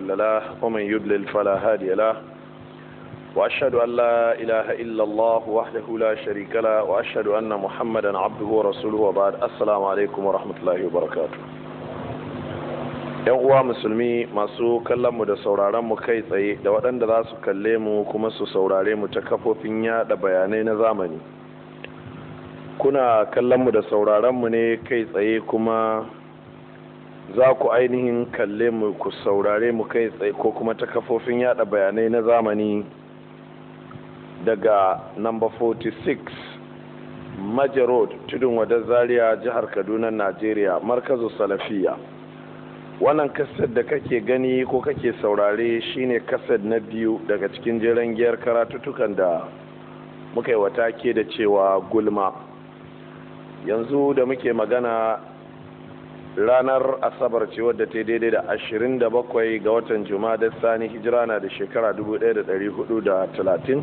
مضل له ومن يضلل فلا هادي له وأشهد أن لا إله إلا الله وحده لا شريك له وأشهد أن محمدا عبده ورسوله وبعد السلام عليكم ورحمة الله وبركاته yan uwa musulmi masu kallon da sauraron kai tsaye da waɗanda za su kalle mu kuma su saurare mu ta kafofin yaɗa bayanai na zamani kuna kallon mu da sauraron mu ne kai tsaye kuma za ku ainihin kalle mu ku saurare mu kai tsaye ko kuma ta kafofin yada bayanai na zamani daga number 46 major road tudun wada zaria jihar kaduna najeriya markazu salafiya wannan kaset da kake gani ko kake saurare shine kasar na biyu daga cikin jiran giyar karatutukan da muka yi wata ke da cewa gulma yanzu da muke magana ranar asabar ce wadda ta daidai da 27 ga watan Juma da sani hijira na da shekara 1430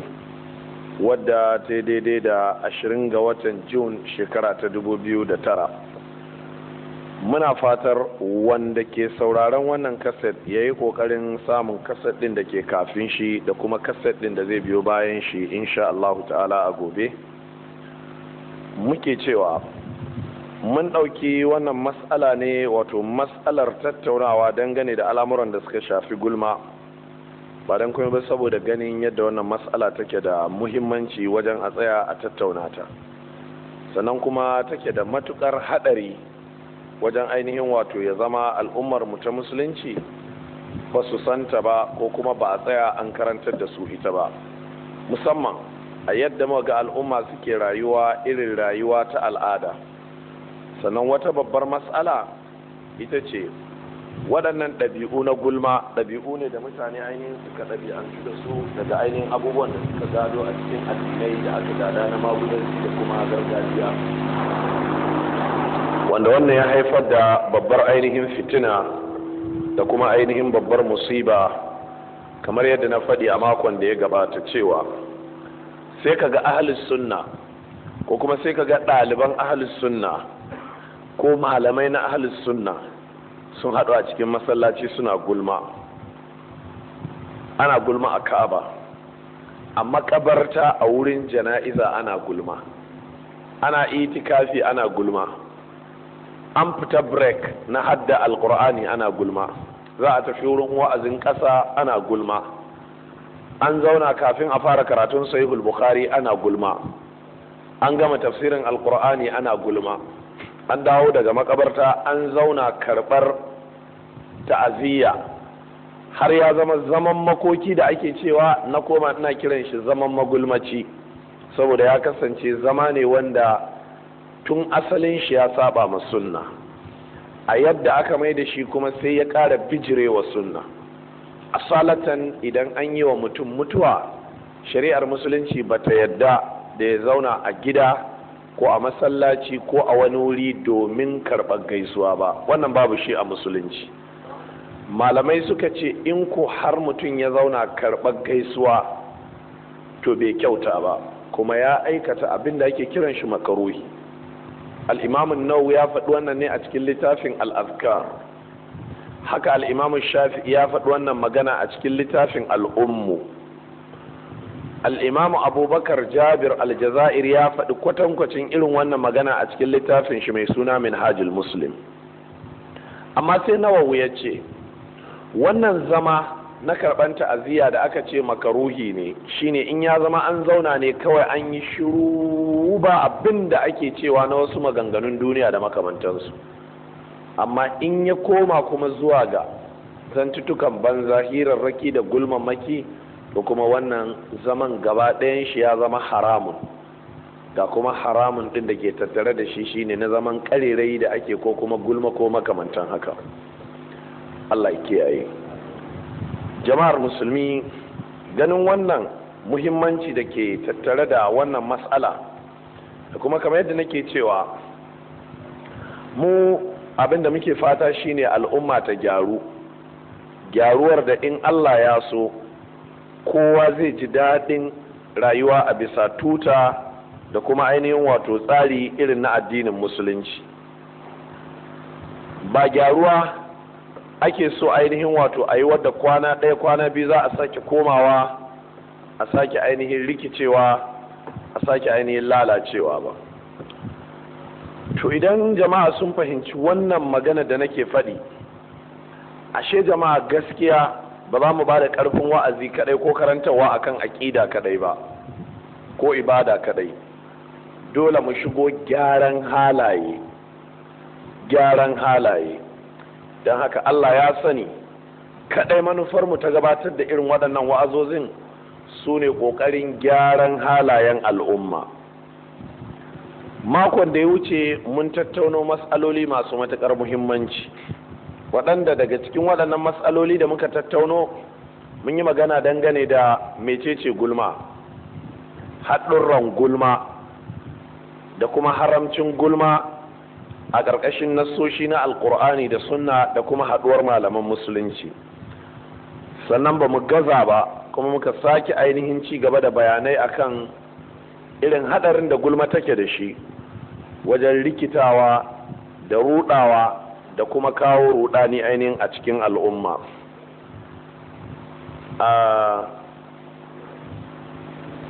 wadda ta daidai da 20 ga watan jun shekara ta 2009 muna fatar wanda ke sauraron wannan kaset ya yi kokarin samun kaset din da ke kafin shi da kuma kaset din da zai biyo bayan shi insha Allah ta'ala a gobe muke cewa mun ɗauki wannan matsala ne wato matsalar tattaunawa dangane da al'amuran da suka shafi gulma ba don kuma ba saboda ganin yadda wannan matsala take da muhimmanci wajen a tsaya a tattauna sannan kuma take da matukar haɗari wajen ainihin wato ya zama al'ummar mu ta musulunci ba su santa ba ko kuma ba a tsaya an karantar da su ita ba musamman a yadda ga al'umma suke rayuwa irin rayuwa ta al'ada sannan wata babbar matsala ita ce waɗannan ɗabi'u na gulma ɗabi'u ne da mutane ainihin suka ɗabi'antu da su daga ainihin abubuwan da suka gado a cikin addinai da aka gada na magudanci da kuma gargajiya wanda wannan ya haifar da babbar ainihin fitina da kuma ainihin babbar musiba kamar yadda na faɗi a makon da ya gabata cewa sai ka ga ahalis sunna ko kuma sai ka ga ɗaliban ahalis sunna ko malamai na ahlus sunna sun haɗu a cikin masallaci suna gulma ana gulma a ka'aba a makabarta a wurin jana'iza ana gulma ana itikafi ana gulma an fita break na hadda alkur'ani ana gulma za a tafi wurin wa'azin ƙasa ana gulma an zauna kafin a fara karatun sahihul bukhari ana gulma an gama tafsirin alkur'ani ana gulma an dawo daga makabarta an zauna karɓar ta'aziyya har ya zama zaman makoki da ake cewa na koma ina kiran shi zaman magulmaci saboda ya kasance zama ne wanda tun asalin shi ya saba ma sunna a yadda aka mai da shi kuma sai ya ƙara bijirewa sunna asalatan idan an yi wa mutum mutuwa shari'ar musulunci ba ta yadda da ya zauna a gida ko a masallaci ko a wani wuri domin karɓar gaisuwa ba wannan babu shi a musulunci malamai suka ce in ko har mutum ya zauna karɓar gaisuwa to bai kyauta ba kuma ya aikata abin da ake kiran shi makaruhi al'imamun nau ya faɗi wannan ne a cikin littafin al'azkar haka al'imamun shafi ya faɗi wannan magana a cikin littafin al'ummu al'imamu abubakar jabir aljazair ya faɗi kwatankwacin irin wannan magana a cikin littafin shi mai suna min hajjil muslim amma sai nawa ya ce wannan zama na karɓar ta'aziyya da aka ce makaruhi ne shine in ya zama an zauna ne kawai an yi shiru ba abin da ake cewa na wasu maganganun duniya da makamantansu amma in ya koma kuma zuwa ga zantuttukan banza hirarraki da gulmamaki to kuma wannan zaman gaba ɗayan shi ya zama haramun ga kuma haramun ɗin da ke tattare da shi shine na zaman ƙarerai da ake ko kuma gulma ko makamantan haka allah kiyaye jama'ar musulmi ganin wannan muhimmanci da ke tattare da wannan matsala da kuma kamar yadda nake cewa mu abin da muke fata shine al'umma ta gyaru gyaruwar da in allah ya so kowa zai ji daɗin rayuwa a bisa tuta da kuma ainihin wato tsari irin na addinin musulunci ba gyaruwa ake so ainihin wato a yi wadda kwana ɗaya kwana biyu za a sake komawa a sake ainihin rikicewa a sake ainihin lalacewa ba to idan jama'a sun fahimci wannan magana da nake faɗi ashe jama'a gaskiya ba za mu ba da ƙarfin wa'azi kaɗai ko karantarwa akan aƙida kaɗai ba ko ibada kaɗai dole mu shigo gyaran halaye gyaran halaye don haka Allah ya sani kaɗai manufarmu ta gabatar da irin waɗannan wa'azozin su ne ƙoƙarin gyaran halayen al'umma makon da ya wuce mun tattauna matsaloli masu matuƙar muhimmanci waɗanda daga cikin waɗannan matsaloli da muka tattauno mun yi magana dangane da mecece gulma haɗurran gulma da kuma haramcin gulma a ƙarƙashin nassoshi na alƙur'ani da sunna da kuma haɗuwar malaman musulunci sannan ba mu gaza ba kuma muka sake ainihin ci gaba da bayanai akan irin haɗarin da gulma take da shi wajen rikitawa da ruɗawa da kuma kawo rudani ainihin a cikin al'umma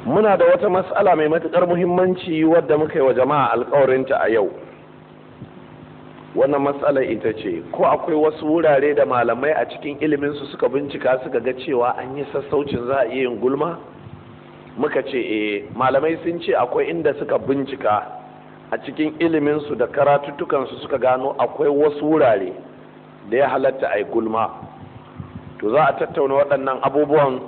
muna da wata matsala mai matukar muhimmanci wadda muka yi wa jama'a alkawarinta a yau wannan matsala ita ce ko akwai wasu wurare da malamai a cikin iliminsu suka bincika suka ga cewa an yi sassaucin za a iya yin gulma muka ce eh malamai sun ce akwai inda suka bincika a cikin iliminsu da karatuttukansu suka gano akwai wasu wurare da ya halatta a yi gulma to za a tattauna waɗannan abubuwan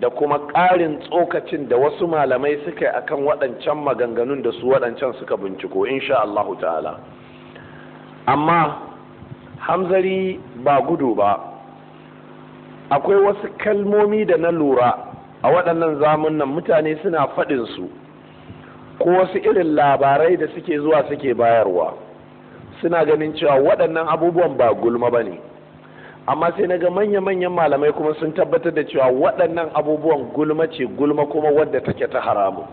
da kuma ƙarin tsokacin da wasu malamai suka yi akan waɗancan maganganun da su waɗancan suka binciko insha Allahu ta'ala amma hamzari ba gudu ba akwai wasu kalmomi da na lura a waɗannan zamunan mutane suna faɗinsu ko wasu irin labarai da suke zuwa suke bayarwa suna ganin cewa waɗannan abubuwan ba gulma ba ne amma sai na ga manya-manyan malamai kuma sun tabbatar da cewa waɗannan abubuwan gulma ce gulma kuma wadda take ta haramu.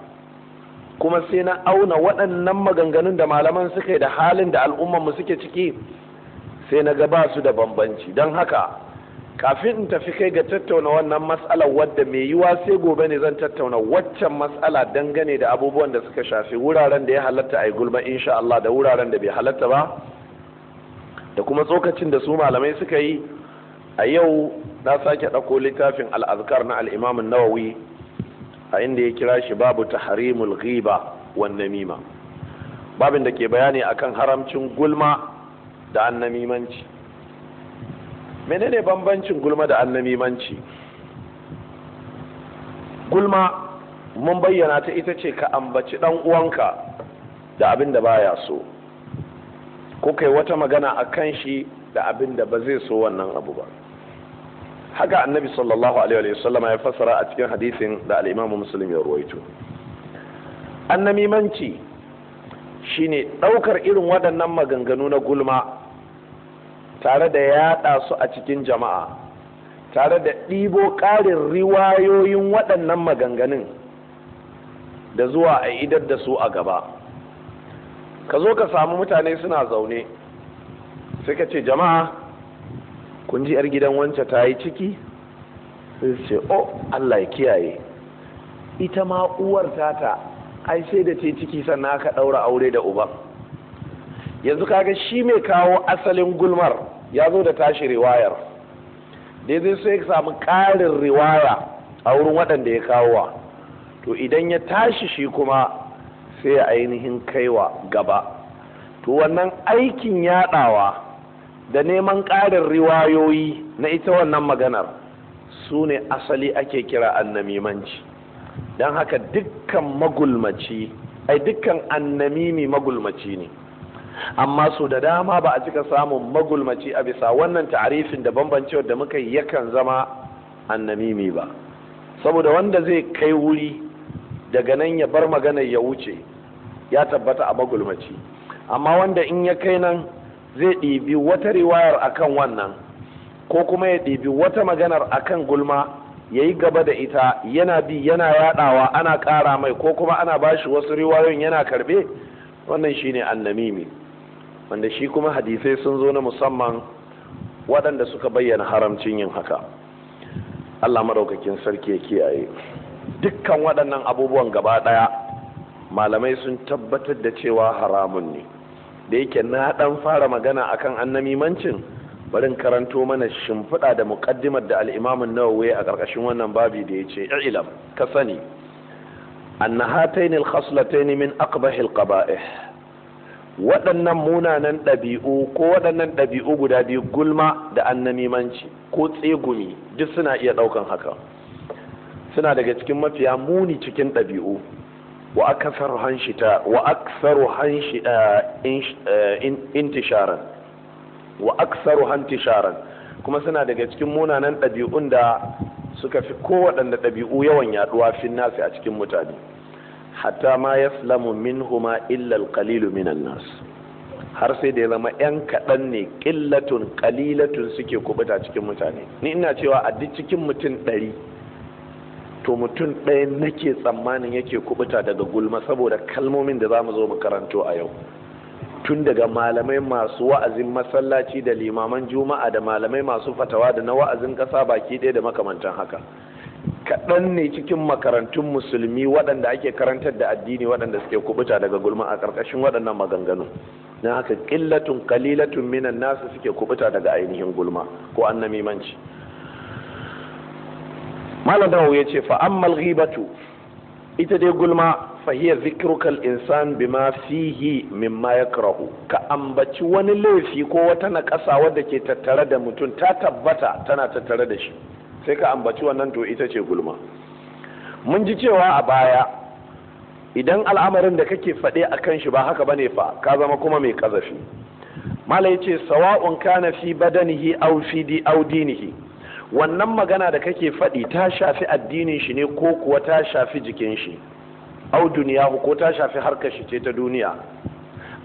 kuma sai na auna waɗannan maganganun da malaman suka yi da halin da al'ummanmu suke ciki sai na ga ba su da bambanci don haka kafin in tafi kai ga tattauna wannan matsalar wadda mai yiwa sai gobe ne zan tattauna waccan matsala dangane da abubuwan da suka shafi wuraren da ya halatta a gulma insha Allah da wuraren da bai halatta ba da kuma tsokacin da su malamai suka yi a yau na sake ɗauko littafin al'azkar na al'imamin nawawi a inda ya kira shi babu taharimul ghiba wan namima babin da ke bayani akan haramcin gulma da annamimanci menene bambancin gulma da annamimanci gulma mun bayyana ta ita ce ka ambaci dan uwanka da abin da baya so ko kai wata magana a kan shi da abin da ba zai so wannan abu ba haka annabi sallallahu alaihi wa sallama ya fassara a cikin hadisin da al'imamu muslim ya ruwaito annamimanci shine ɗaukar irin waɗannan maganganu na gulma tare da yaɗa su a cikin jama'a tare da ɗibo ƙarin riwayoyin waɗannan maganganun da zuwa a idar da su a gaba ka zo ka samu mutane suna zaune sai ka ce jama'a kun ji 'yar gidan wance ta yi ciki sai ce o oh, allah ya kiyaye ita ma uwar tata ai sai da ce ciki sannan aka ɗaura aure da uban yanzu kaga shi mai kawo asalin gulmar ya zo da tashi riwayar daidai sai ya samu ƙarin riwaya a wurin waɗanda ya kawowa to idan ya tashi shi kuma sai ya ainihin kaiwa gaba to wannan aikin yaɗawa da neman ƙarin riwayoyi na ita wannan maganar su ne asali ake kira annamimanci don haka dukkan magulmaci ai dukkan annamimi magulmaci ne amma su da dama ba a cika samun magulmaci a bisa wannan ta'arifin da bambancewar da muka yi yakan zama annamimi ba saboda wanda zai kai wuri daga nan ya bar magana ya wuce ya tabbata a magulmaci amma wanda in ya kai nan zai ɗibi wata riwayar akan wannan ko kuma ya ɗibi wata maganar akan gulma ya yi gaba da ita yana bi yana yaɗawa ana ƙara mai ko kuma ana bashi wasu riwayoyin yana karɓe wannan shine annamimi wanda shi kuma hadisai sun zo na musamman waɗanda suka bayyana haramcin yin haka allah maɗaukakin sarki ya kiyaye dukkan waɗannan abubuwan gaba ɗaya malamai sun tabbatar da cewa haramun ne da yake na ɗan fara magana akan annamimancin barin karanto mana shimfiɗa da muƙaddimar da al'imamin nawawi a ƙarƙashin wannan babi da ya ce ilam ka sani anna khaslatain min aqbah al waɗannan munanan ɗabi'u ko waɗannan ɗabi'u guda biyu gulma da annamimanci ko tsegumi duk suna iya ɗaukan haka suna daga cikin mafiya muni cikin ɗabi'u wa hanshi ta wa aksaru hanshi eh, eh, intisharan wa aksaru hantisharan kuma suna daga cikin munanan ɗabi'un da suka fi kowaɗanda ɗabi'u yawan yaɗuwa fin nasi a cikin mutane hatta ma yaslamu minhuma illal kalilu minan nas har sai da ya zama yan kaɗan ne ƙillatun ƙalilatun suke kubuta cikin mutane ni ina cewa a duk cikin mutum ɗari to mutum ɗaya nake tsammanin yake kubuta daga gulma saboda kalmomin da za mu zo mu karanto a yau tun daga malamai masu wa'azin masallaci da limaman juma'a da malamai masu fatawa da na wa'azin ƙasa baki ɗaya da makamantan haka kaɗan ne cikin makarantun musulmi waɗanda ake karantar da addini waɗanda suke kubuta daga gulma a ƙarƙashin waɗannan maganganu na haka ƙillatun kalilatun minan nasu suke kubuta daga ainihin gulma ko annamimanci malam dawo ya ce fa ammal ghibatu ita dai gulma fa hiya zikrukal insan bima fihi mimma yakrahu ka ambaci wani laifi ko wata naƙasa wadda ke tattare da mutum ta tabbata tana tattare da shi sai ka ambaci wannan to ita ce gulma mun ji cewa a baya idan al'amarin da kake faɗe a kan shi ba haka ba ne fa ka zama kuma mai ƙazafi mala ya ce sawa'un kana fi badanihi au fi di au dinihi wannan magana da kake faɗi ta shafi addinin shi ne ko kuwa ta shafi jikin shi Au duniyahu ko ta shafi harkar shi ce ta duniya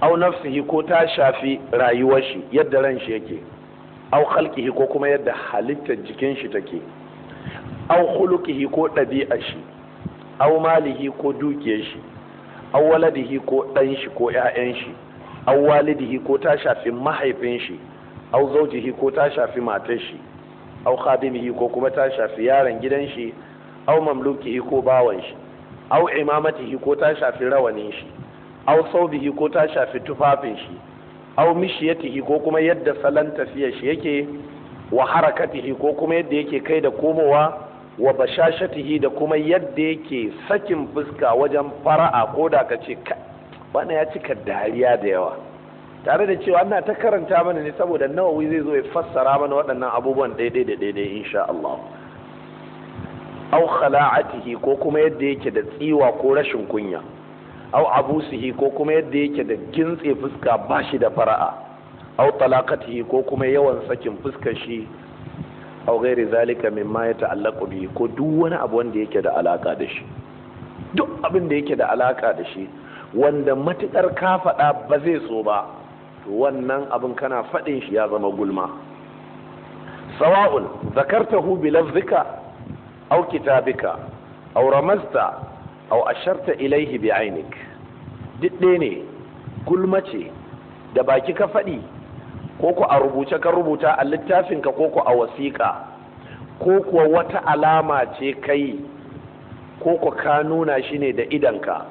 au nafsihi ko ta shafi rayuwar shi yadda ran shi yake au khalqihi ko kuma yadda halittar jikin shi take au khuluqihi ko ɗabi'a shi au malihi ko dukiyar shi au waladihi ko ɗan shi ko ƴaƴan shi au walidihi ko ta shafi mahaifin shi au zaujihi ko ta shafi matar shi au khadimihi ko kuma ta shafi yaron gidan shi au mamlukihi ko bawan shi au imamatihi ko ta shafi rawanin shi au saubihi ko ta shafi tufafin shi aw mishiyatihi ko kuma yadda salon tafiya shi yake wa harakatihi ko kuma yadda yake kai da komowa wa bashashatihi da kuma yadda yake sakin fuska wajen fara'a ko da ka ce wannan ya cika dariya da yawa tare da cewa ana ta karanta mana ne saboda nawawi zai zo ya fassara mana waɗannan abubuwan daidai da daidai insha Allah au khala'atihi ko kuma yadda yake da tsiwa ko rashin kunya au abusihi ko kuma yadda yake da gintse fuska ba shi da fara'a au talaqatihi ko kuma yawan sakin fuskar shi au ghairi zalika mimma ya ta'allaku bihi ko duk wani abu wanda yake da alaka da shi duk abin da yake da alaka da shi wanda matukar ka faɗa ba zai so ba to wannan abin kana faɗin shi ya zama gulma sawa'un zakartahu bi lafzika au kitabika au ramasta au asharta ilaihi bi ainik duk ne gulma ce da baki ka faɗi ko ku a rubuce ka rubuta a littafinka ko ku a wasiƙa ko kuwa wata alama ce kai ko ku ka nuna shi ne da idanka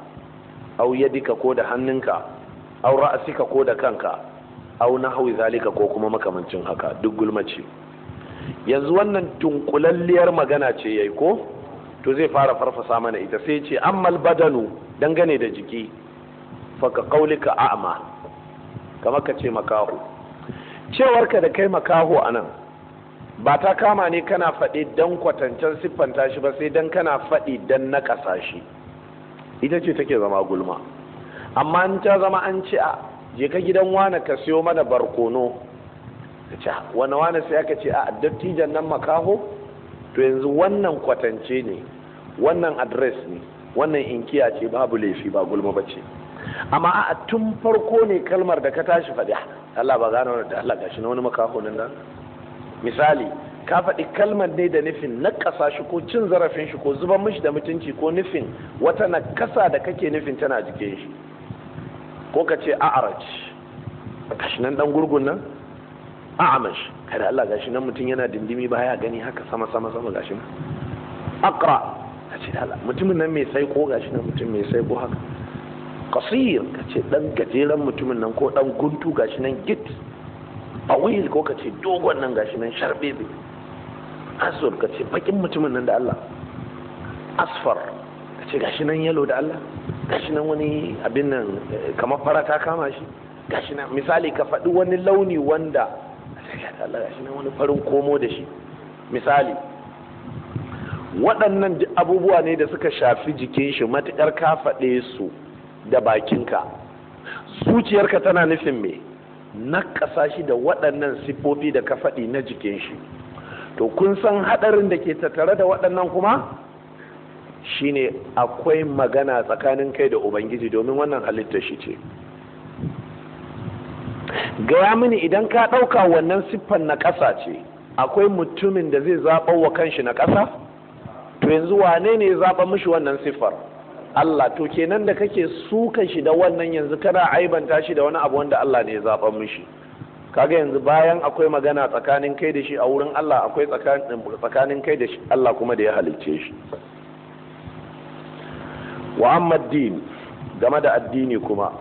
au yadika ko da hannunka au ra'asika ko da kanka au nahwi zalika ko kuma makamancin haka duk gulma ce yanzu wannan tunkulalliyar magana ce yayi ko to zai fara farfasa mana ita sai ce ammal badanu dangane da jiki faka kaulika a'ma kamar ka ce makaho cewarka da kai makaho a nan ba ta kama ne kana faɗi don kwatancen siffanta shi ba sai don kana faɗi don na shi ita ce take zama gulma amma in ta zama an ce a je ka gidan wane ka siyo mana barkono ka ce wani wane sai aka ce a dattijan nan makaho to yanzu wannan kwatance ne wannan adres ne wannan inkiya ce babu laifi ba gulma ba ce amma a tun farko ne kalmar da ka tashi faɗi ah, Allah ba gano da Allah gashi na wani makaho nan misali ka faɗi kalmar ne da nufin na ƙasa shi ko cin zarafin shi ko zuban mishi da mutunci ko nufin wata na ƙasa da kake nufin tana jikin shi ko ka ce a'araj gashi nan dan gurgun nan a'mash kada Allah gashi nan mutum yana dindimi ba ya gani haka sama sama sama gashi nan aqra kace da Allah mutumin nan mai sai ko gashi nan mutum mai sai ko haka qasir kace dan gajeren mutumin nan ko dan guntu gashi nan git awil ko kace dogon nan gashi nan sharbebe asur kace bakin mutumin nan da Allah asfar kace gashi nan yalo da Allah gashi nan wani abin nan eh, kamar fara ta kama shi gashi nan misali ka faɗi wani launi wanda Allah shi ne wani farin komo da shi misali waɗannan abubuwa ne da suka shafi jikin shi matuƙar ka faɗe su da bakinka zuciyarka tana nufin me na ƙasa shi da waɗannan siffofi da ka faɗi na jikin shi to kun san haɗarin da ke tattare da waɗannan kuma shine akwai magana tsakanin kai da ubangiji domin wannan halittar shi ce gaya mini idan ka ɗauka wannan siffan na ƙasa ce akwai mutumin da zai zaɓa wa kanshi na ƙasa to yanzu wane ne zaɓa mishi wannan siffar Allah to kenan da kake suka shi da wannan yanzu kana aibanta shi da wani abu wanda Allah ne ya zaɓa mishi kaga yanzu bayan akwai magana tsakanin kai da shi a wurin Allah akwai tsakanin kai da shi Allah kuma da ya halicce shi wa din game da addini kuma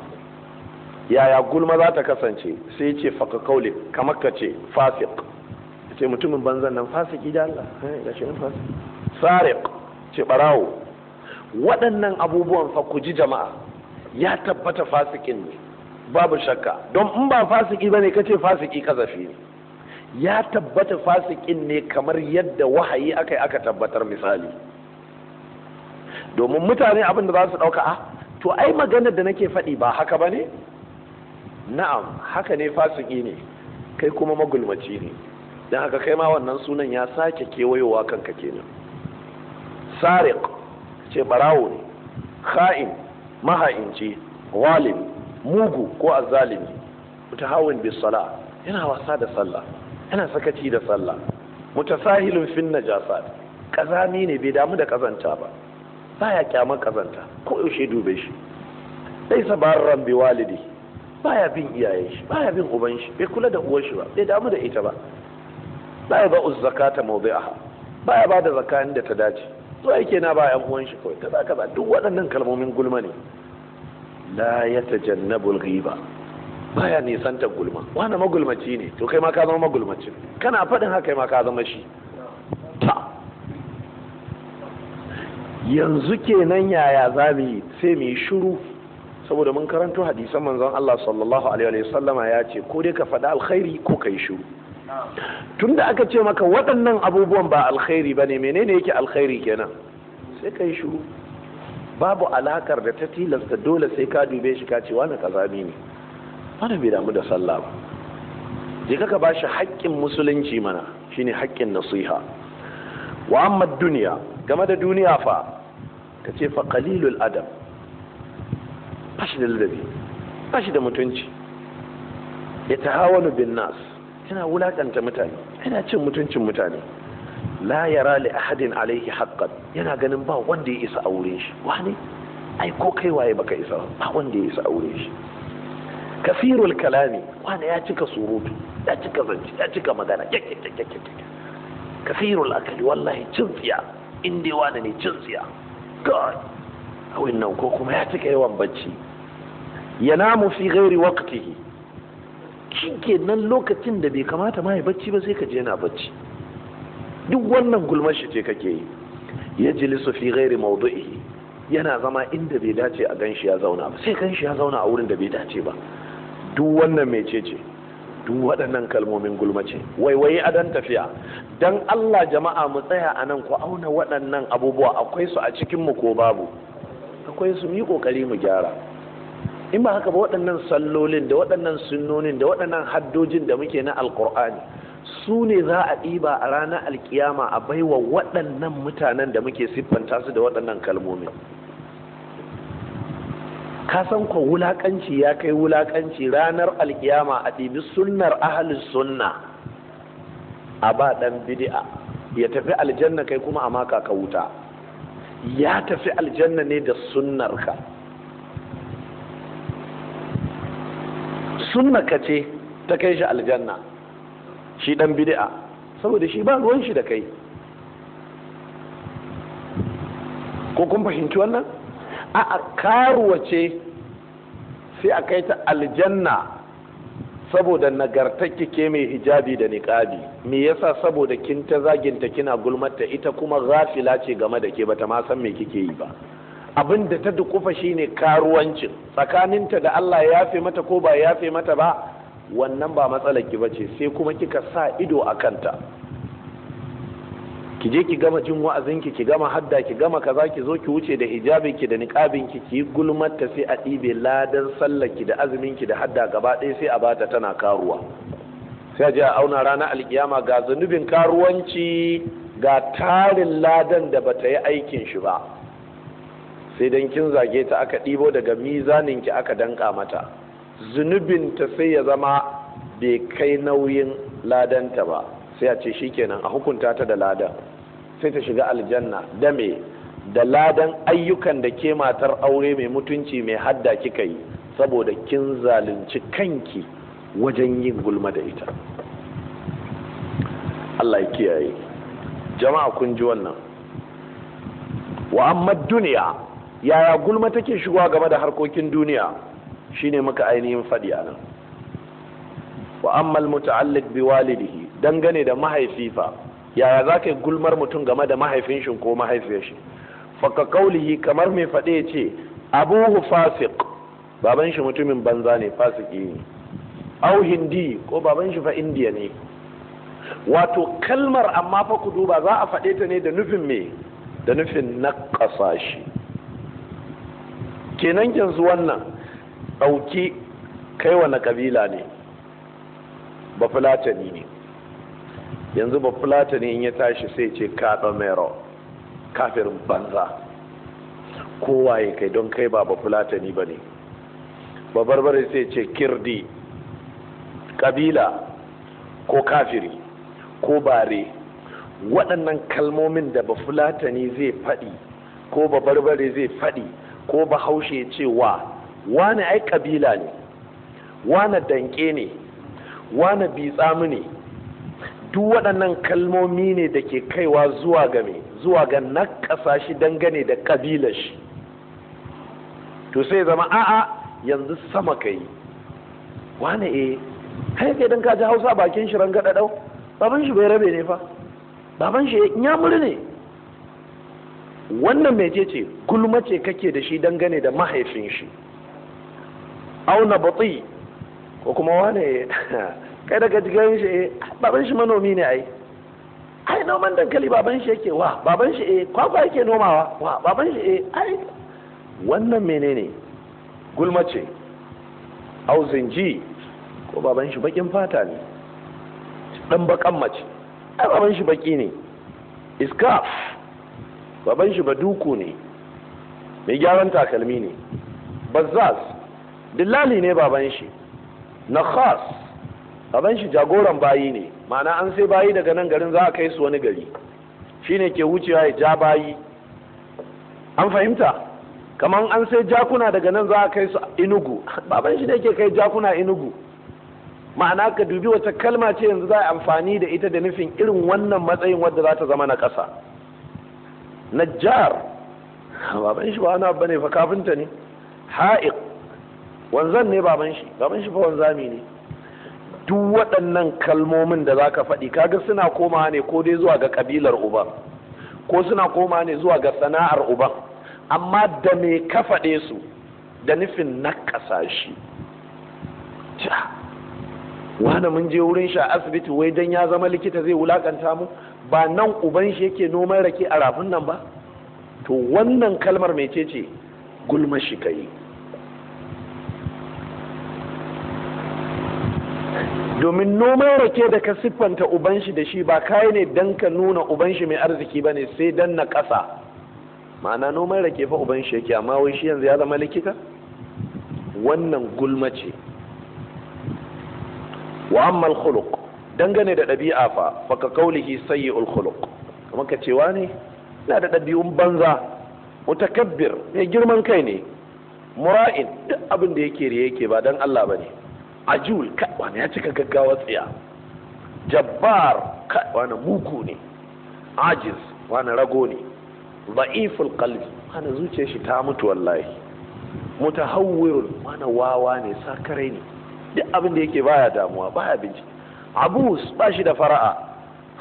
yaya gulma za ta kasance sai ce faka kaule kamar ka ce fasik ce mutumin banzan nan fasiki da Allah ya ce fasik sariq ce barawo waɗannan abubuwan fa ku ji jama'a ya tabbata fasikin ne babu shakka don in ba fasiki bane kace fasiki kazafi ne ya tabbata fasikin ne kamar yadda wahayi aka yi aka tabbatar misali domin mutane abin da za su ɗauka a ah, to ai maganar da nake faɗi ba haka ba ne na'am haka ne fasiki ne kai kuma magulmaci ne don haka kai ma wannan sunan ya sake kewayowa kanka kenan sariq ce barawo ne kha'in maha'inci walim mugu ko azzalimi mutahawin bis sala yana wasa da sallah yana sakaci da sallah mutasahilun fin najasat kazami ne bai damu da kazanta ba baya kyamar kazanta ko yaushe dube shi laisa barran bi walidi baya bin iyayen shi baya bin uban shi bai kula da uwan shi ba bai damu da ita ba baya ba uz zakata mawdi'aha baya ba da zakayin da ta dace to yake na ba yan uwan shi kawai ka ba duk waɗannan kalmomin gulma ne la yatajannabul ghiba baya ta gulma wani magulmaci ne to kai ma ka zama magulmacin kana faɗin haka ma ka zama shi ta yanzu kenan yaya za mu yi sai mu yi shiru saboda mun karanto hadisan manzon Allah sallallahu alaihi wa sallama ya ce ko dai ka faɗi alkhairi ko kai yi tunda aka ce maka waɗannan abubuwan ba alkhairi ne, menene yake alkhairi kenan sai kai babu alakar da ta tilasta dole sai ka dube shi ka ce wani kazami ne wani bai damu da sallah ba je ka ba shi haƙƙin musulunci mana shine haƙƙin nasiha wa amma duniya game da duniya fa ka ce fa qalilul adab ba da ladabi da mutunci ya tahawalu bin nas yana wulakanta mutane yana cin mutuncin mutane la yara a hadin alaihi haqqan yana ganin ba wanda ya isa aure shi wani ai ko kai waye baka isa ba wanda ya isa aure shi kasirul kalami wani ya cika surutu ya cika zance ya cika magana kasirul akali wallahi cin tsiya inda wani ne cin tsiya god kawai nan ko kuma ya cika yawan bacci ya namu fi gairi waqtihi ke nan lokacin da bai kamata ma ya bacci ba sai ka je na bacci duk wannan gulmar shi ce kake yi ya ji fi gairi maudu'i yana zama inda bai dace a ganshi ya zauna ba sai ganshi ya zauna a wurin da bai dace ba duk wannan mai cece duk waɗannan kalmomin gulma ce a adon tafiya don allah jama'a mu tsaya a nan ku auna waɗannan abubuwa akwai su a cikin mu ko babu akwai su yi kokari mu gyara in ba haka ba waɗannan sallolin da waɗannan sunnonin da waɗannan haddojin da muke na alkur'ani su ne za a ɗiba a ranar alkiyama a baiwa waɗannan mutanen da muke siffanta su da waɗannan kalmomi ka san ko wulakanci ya kai wulakanci ranar alkiyama a ɗibi sunnar ahalin sunna a ba ɗan bidi'a ya tafi aljanna kai kuma a maka ka wuta ya tafi aljanna ne da sunnarka sunnaka ce ta kai shi aljanna shi dan bid'a saboda shi ba ruwan shi da kai ko kun fahimci wannan a karuwa ce sai a kai ta aljanna saboda nagartakki ke mai hijabi da niƙabi me yasa saboda kin ta zaginta kina gulmarta ita kuma ghafila ce game da ke bata ma san me kike yi ba abin da ta dukufa shine karuwancin tsakaninta da Allah ya yafe mata ko ba yafe mata ba wannan ba matsalar ki bace sai kuma kika sa ido a kanta ki je ki gama jin wa'azinki ki gama hadda ki gama kaza ki zo ki wuce da hijabin ki da niqabin ki ki gulmar ta sai a ɗibe ladan sallar ki da azumin ki da hadda gaba ɗaya sai a bata tana karuwa sai a je a auna ranar alkiyama ga zunubin karuwanci ga tarin ladan da bata yi aikin shi ba sai dan kin zage ta aka ɗibo daga mizanin ki aka danka mata zunubin ta sai ya zama bai kai nauyin ladanta ba sai a ce shikenan a hukunta ta da ladan sai ta shiga aljanna da me da ladan ayyukan da ke matar aure mai mutunci mai hadda kika yi saboda kin zalunci kanki wajen yin gulma da ita Allah ya kiyaye jama'a kun ji wannan wa amma duniya yaya gulma take shigowa game da harkokin duniya shine muka ainihin faɗi a nan wa amma muta'alliq bi walidihi dangane da mahaifi fa yaya za ka yi gulmar mutum game da mahaifin shi ko mahaifiyar shi faka kaulihi kamar mai faɗe ya ce abuhu fasik baban shi mutumin banza ne fasiki ne au hindi ko baban shi fa indiya ne wato kalmar amma fa ku duba za a faɗe ta ne da nufin me da nufin na shi kenan yanzu wannan ɗauki kai na kabila ne bafulatani ne yanzu ba ne in ya tashi sai ce kaɗa mero kafirin banza kowa ya kai don kai ba ba fulatani ba ne ba barbare sai ce kirdi kabila ko kafiri ko bare waɗannan kalmomin da ba fulatani zai faɗi ko ba barbare zai faɗi ko ba haushe cewa Wani ai kabila ne Wani danƙe ne wane bitsamu ne duk waɗannan kalmomi ne da ke kaiwa zuwa ga me zuwa ga nakasa shi dangane da ƙabilar shi to sai zama a'a yanzu sama ka yi wane e kai kai dan kaji hausa bakin shi ranga ɗaɗau baban shi bai rabe ne fa baban shi ya muri ne wannan mece ce gulma ce kake da shi dangane da mahaifin shi auna batsi ko kuma wane kai daga cikin shi eh baban shi manomi ne ai ai noman dankali baban shi yake wa baban shi eh kwakwa yake nomawa wa baban shi eh ai wannan menene gulma ce auzin ji ko baban shi bakin fata ne dan bakan mace ai baban shi baki ne iska baban shi baduku ne mai gyaran takalmi ne bazzaz dillali ne baban shi nakhas baban shi jagoran bayi ne ma'ana an sai bayi daga nan garin za a kai su wani gari Shi ne ke wucewa ya ja bayi an fahimta kamar an sai jakuna daga nan za a kai su inugu baban shi ne ke kai jakuna inugu ma'ana ka dubi wata kalma ce yanzu za a amfani da ita da nufin irin wannan matsayin wadda za ta zama na ƙasa najjar baban shi ba wani abu ne fa kafinta ne ha'iq wanzan ne baban shi baban shi fa wanzami ne duk waɗannan kalmomin da za ka faɗi kaga suna koma ne ko dai zuwa ga ƙabilar uban ko suna koma ne zuwa ga sana'ar uban amma da me ka faɗe su da nufin na shi Wani mun je wurin shi a asibiti wai dan ya zama likita zai wulakanta mu ba nan uban shi yake noman rake a rafin nan ba to wannan kalmar mecece gulma shi kai domin noman rake da ka siffanta uban shi da shi ba kai ne dan ka nuna uban shi mai arziki ba ne sai dan na ƙasa ma'ana noman rake fa uban shi yake amma wai shi yanzu ya zama likita wannan gulma ce wa ammal khuluq dangane da ɗabi'a fa faka kaulihi sayyi'ul khuluq kuma ka cewa ne ina da ɗabi'un banza kabbir, mai girman kai ne mura'in duk abin da yake riye yake ba dan Allah bane ajul wani ya cika gaggawa tsiya jabbar kai wani muku ne ajiz wani rago ne ba'iful kalbi wani zuciyar shi ta mutu wallahi mutahawwirun wani wawa ne sakarai ne duk abin da yake baya damuwa baya binci abus ba shi da fara'a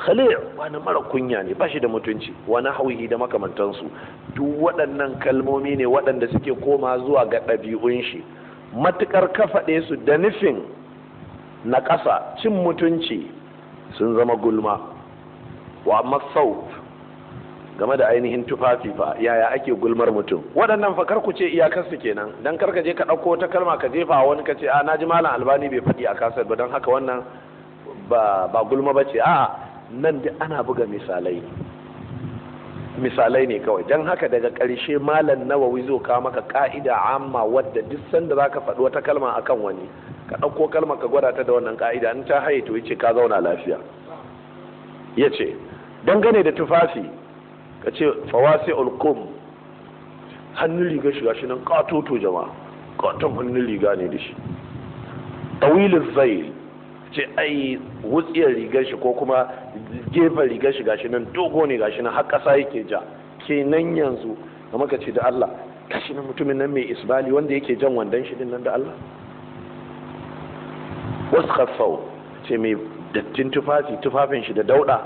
khalil wani mara kunya ne ba shi da mutunci wani hauhi da makamantansu duk waɗannan kalmomi ne waɗanda suke koma zuwa ga ɗabi'un shi matukar kafaɗe su da nufin na ƙasa cin mutunci sun zama gulma wa masau game da ainihin tufafi fa yaya ake gulmar mutum waɗannan fa kar ku ce iyakarsu kenan dan kar ka je ka ɗauko ta kalma ka jefa wani ka ce a naji malam albani bai faɗi a kasar ba don haka wannan ba gulma ba ce a nan da ana buga misalai misalai ne kawai don haka daga ƙarshe malam nawawi zo ka maka ka'ida amma wadda duk sanda za ka faɗi wata kalma akan wani ka ɗauko kalma ka gwada ta da wannan ka'ida in ta haye to yace ka zauna lafiya ya ce dangane da tufafi ka ce fawasi ulkum hannun riga shiga shi nan ƙatoto jama'a katon hannun riga ne da shi tawilin zail ce ai wutsiyar rigar shi ko kuma gefen rigar shi gashi nan dogo ne gashi nan har ƙasa yake ja kenan yanzu da muka ce da Allah gashi nan mutumin nan mai isbali wanda yake jan wandan shi din nan da Allah wasu khaffau ce mai dattin tufafi tufafin shi da dauda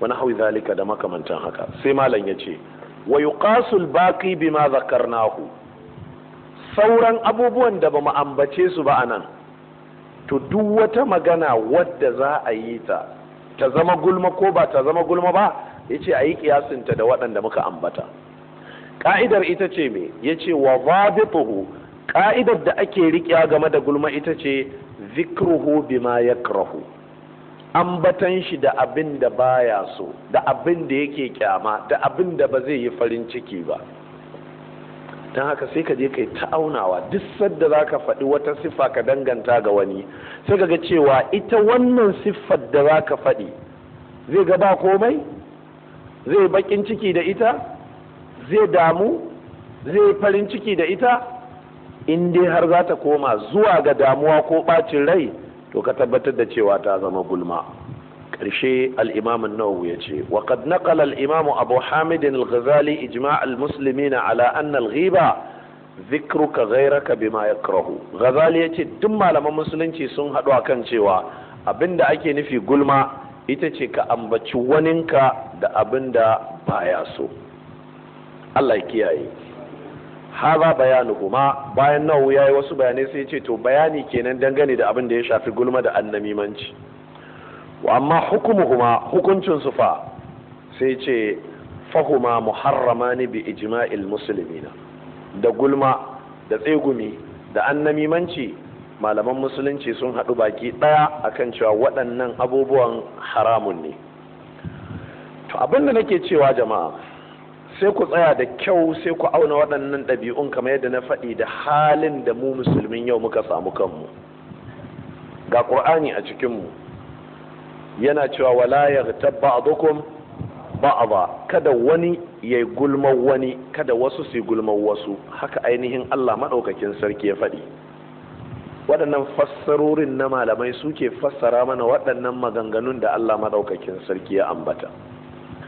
wani hau zalika da makamantan haka sai malam ya ce wa yuqasul baqi bima zakarnahu sauran abubuwan da ba mu ambace su ba anan to duk wata magana wadda za a yi ta ta zama gulma ko ba ta zama gulma ba ya ce a yi kiyasinta da waɗanda muka ambata ƙa'idar ita ce me ya ce wa zabituhu ƙa'idar da ake riƙewa game da gulma ita ce zikruhu bima yakrahu ambatan shi da abin da baya so da abin da yake kyama da abin da ba zai yi farin ciki ba don haka sai ka je kai ta aunawa duk sadda za ka faɗi wata siffa ka danganta ga wani sai ka ga cewa ita wannan siffar da za ka faɗi zai ga ba komai zai baƙin ciki da ita zai damu zai farin ciki da ita in dai har za ta koma zuwa ga damuwa ko ɓacin rai to ka tabbatar da cewa ta zama gulma ƙarshe al-imam ya ce, yace wa qad naqala al abu hamid al-ghazali ijma' al-muslimina ala anna al-ghiba dhikruka ghayraka bima yakrahu ghazali ce duk malaman musulunci sun haɗu a kan cewa abinda ake nufi gulma ita ce ka ambaci waninka da abinda baya so Allah ya kiyaye haza bayanu kuma bayan ya yi wasu bayanai sai ce to bayani kenan dangane da abin da ya shafi gulma da annamimanci wa amma hukumuhuma hukuncin su fa sai ce fahuma muharramani bi ijma'il muslimina da gulma da tsegumi da annamimanci malaman musulunci sun haɗu baki ɗaya a kan cewa waɗannan abubuwan haramun ne to abin da nake cewa jama'a sai ku tsaya da kyau sai ku auna waɗannan ɗabi'un kamar yadda na faɗi da halin da mu musulmin yau muka samu kanmu ga ƙur'ani a cikinmu yana cewa wala ba ba'dukum ba'dha kada wani ya gulma wani kada wasu su gulma wasu haka ainihin Allah maɗaukakin sarki ya faɗi waɗannan fassarorin na malamai suke fassara mana waɗannan maganganun da Allah maɗaukakin sarki ya ambata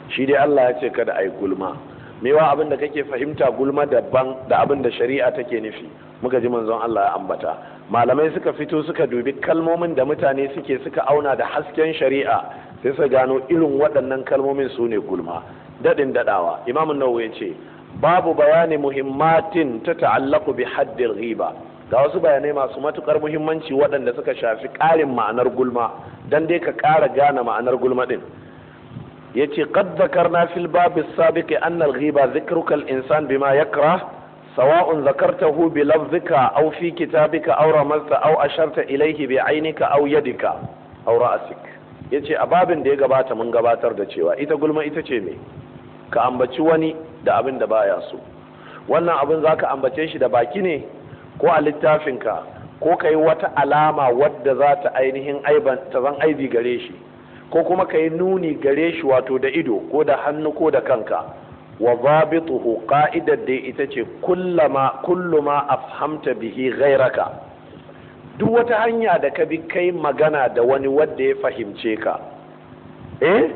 shi dai Allah ya ce kada ai gulma mewa abin da kake fahimta gulma daban da abin da shari'a take nufi muka ji manzon Allah ya ambata malamai suka fito suka dubi kalmomin da mutane suke suka auna da hasken shari'a sai su gano irin waɗannan kalmomin su ne gulma daɗin daɗawa imamun nawo ya ce babu bayani muhimmatin ta ta'allaku bi haddin riba ga wasu bayanai masu matukar muhimmanci waɗanda suka shafi ƙarin ma'anar gulma don dai ka ƙara gane ma'anar gulma ɗin ya ce qad zakarna fil babi sabiqi anna al-ghiba dhikruka insan bima yakrah sawa'un zakartahu bi lafzika aw fi kitabika aw ramalta aw asharta ilayhi bi ainika aw yadika aw ra'sik yace a babin da ya gabata mun gabatar da cewa ita gulma ita ce me ka ambaci wani da abin da baya so wannan abin zaka ambace shi da baki ne ko a littafinka ko ka yi wata alama wadda za ta ainihin aiban ta zan aibi gare shi ko kuma ka yi nuni gare shi wato da ido ko da hannu ko da kanka wa zabituhu qa'idar dai ita ce kullama kulluma afhamta bihi ghairaka duk wata hanya da ka bi kai magana da wani wadda ya fahimce ka eh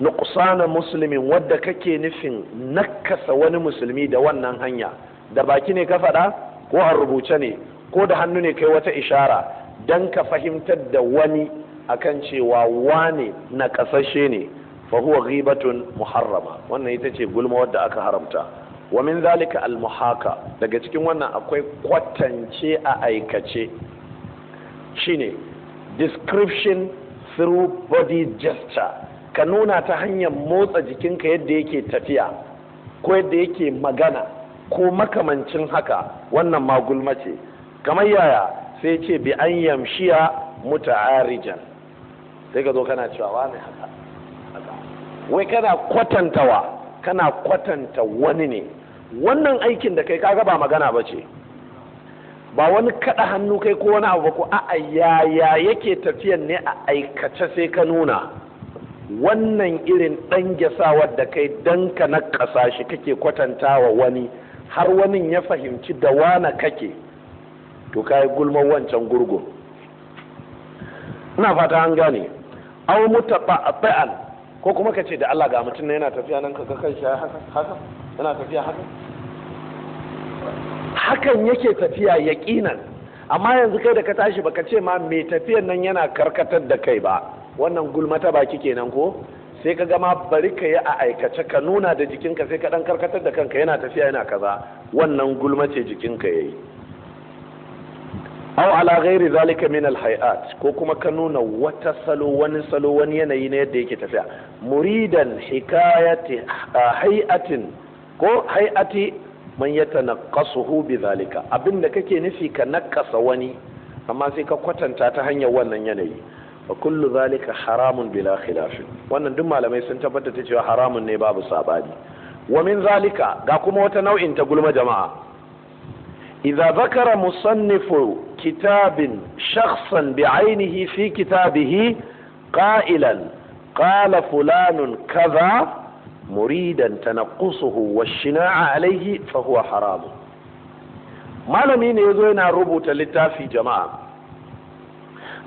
nuqsana muslimin wadda kake nufin nakasa wani musulmi da wannan hanya da baki ne ka faɗa ko a rubuce ne ko da hannu ne kai wata ishara dan ka fahimtar da wani akan cewa wane na ne fa huwa ghibatun muharrama wannan ita ce gulma wadda aka haramta wa min zalika al muhaka daga cikin wannan akwai kwatance a aikace shine description through body gesture ka nuna ta hanyar motsa jikinka yadda yake tafiya ko yadda yake magana ko makamancin haka wannan ma gulma ce kamar yaya sai ce bi an yamshiya muta'arijan sai ka zo kana cewa wani haka wai kana kwatantawa kana kwatanta wani ne wannan aikin da kai kaga ba magana ba ce ba wani kada hannu kai ko wani abu ko a'a yaya yake tafiyan ne a aikace sai ka nuna wannan irin dan gyasawar da kai dan ka na kasa shi kake kwatantawa wani har wani ya fahimci da wana kake to kai gulman wancan gurgun ina fata an gane aw mutaba'an ko kuma ka ce da Allah ga mutum na yana tafiya nan kaga kan shi haka haka yana tafiya haka hakan yake tafiya yaƙinan amma yanzu kai da ka tashi baka ce ma mai tafiyan nan yana karkatar da kai ba wannan gulmata baki kenan ko sai ka gama bari ka yi a aikace ka nuna da jikinka sai ka dan karkatar da kanka yana tafiya yana kaza wannan gulma ce jikinka yayi aw ala ghairi zalika min al hay'at ko kuma ka nuna wata salo wani salo wani yanayi ne yadda yake tafiya muridan hikayati hay'atin ko hay'ati man yatanaqqasuhu bi zalika abinda kake nufi ka nakasa wani amma sai ka kwatanta ta hanyar wannan yanayi wa kullu zalika haramun bila khilafin wannan duk malamai sun tabbatar da cewa haramun ne babu sabani wa min zalika ga kuma wata nau'in ta gulma jama'a إذا ذكر مصنف كتاب شخصا بعينه في كتابه قائلا قال فلان كذا مريدا تنقصه والشناع عليه فهو حرام ما لم يزوينا ربط للتافي جماعة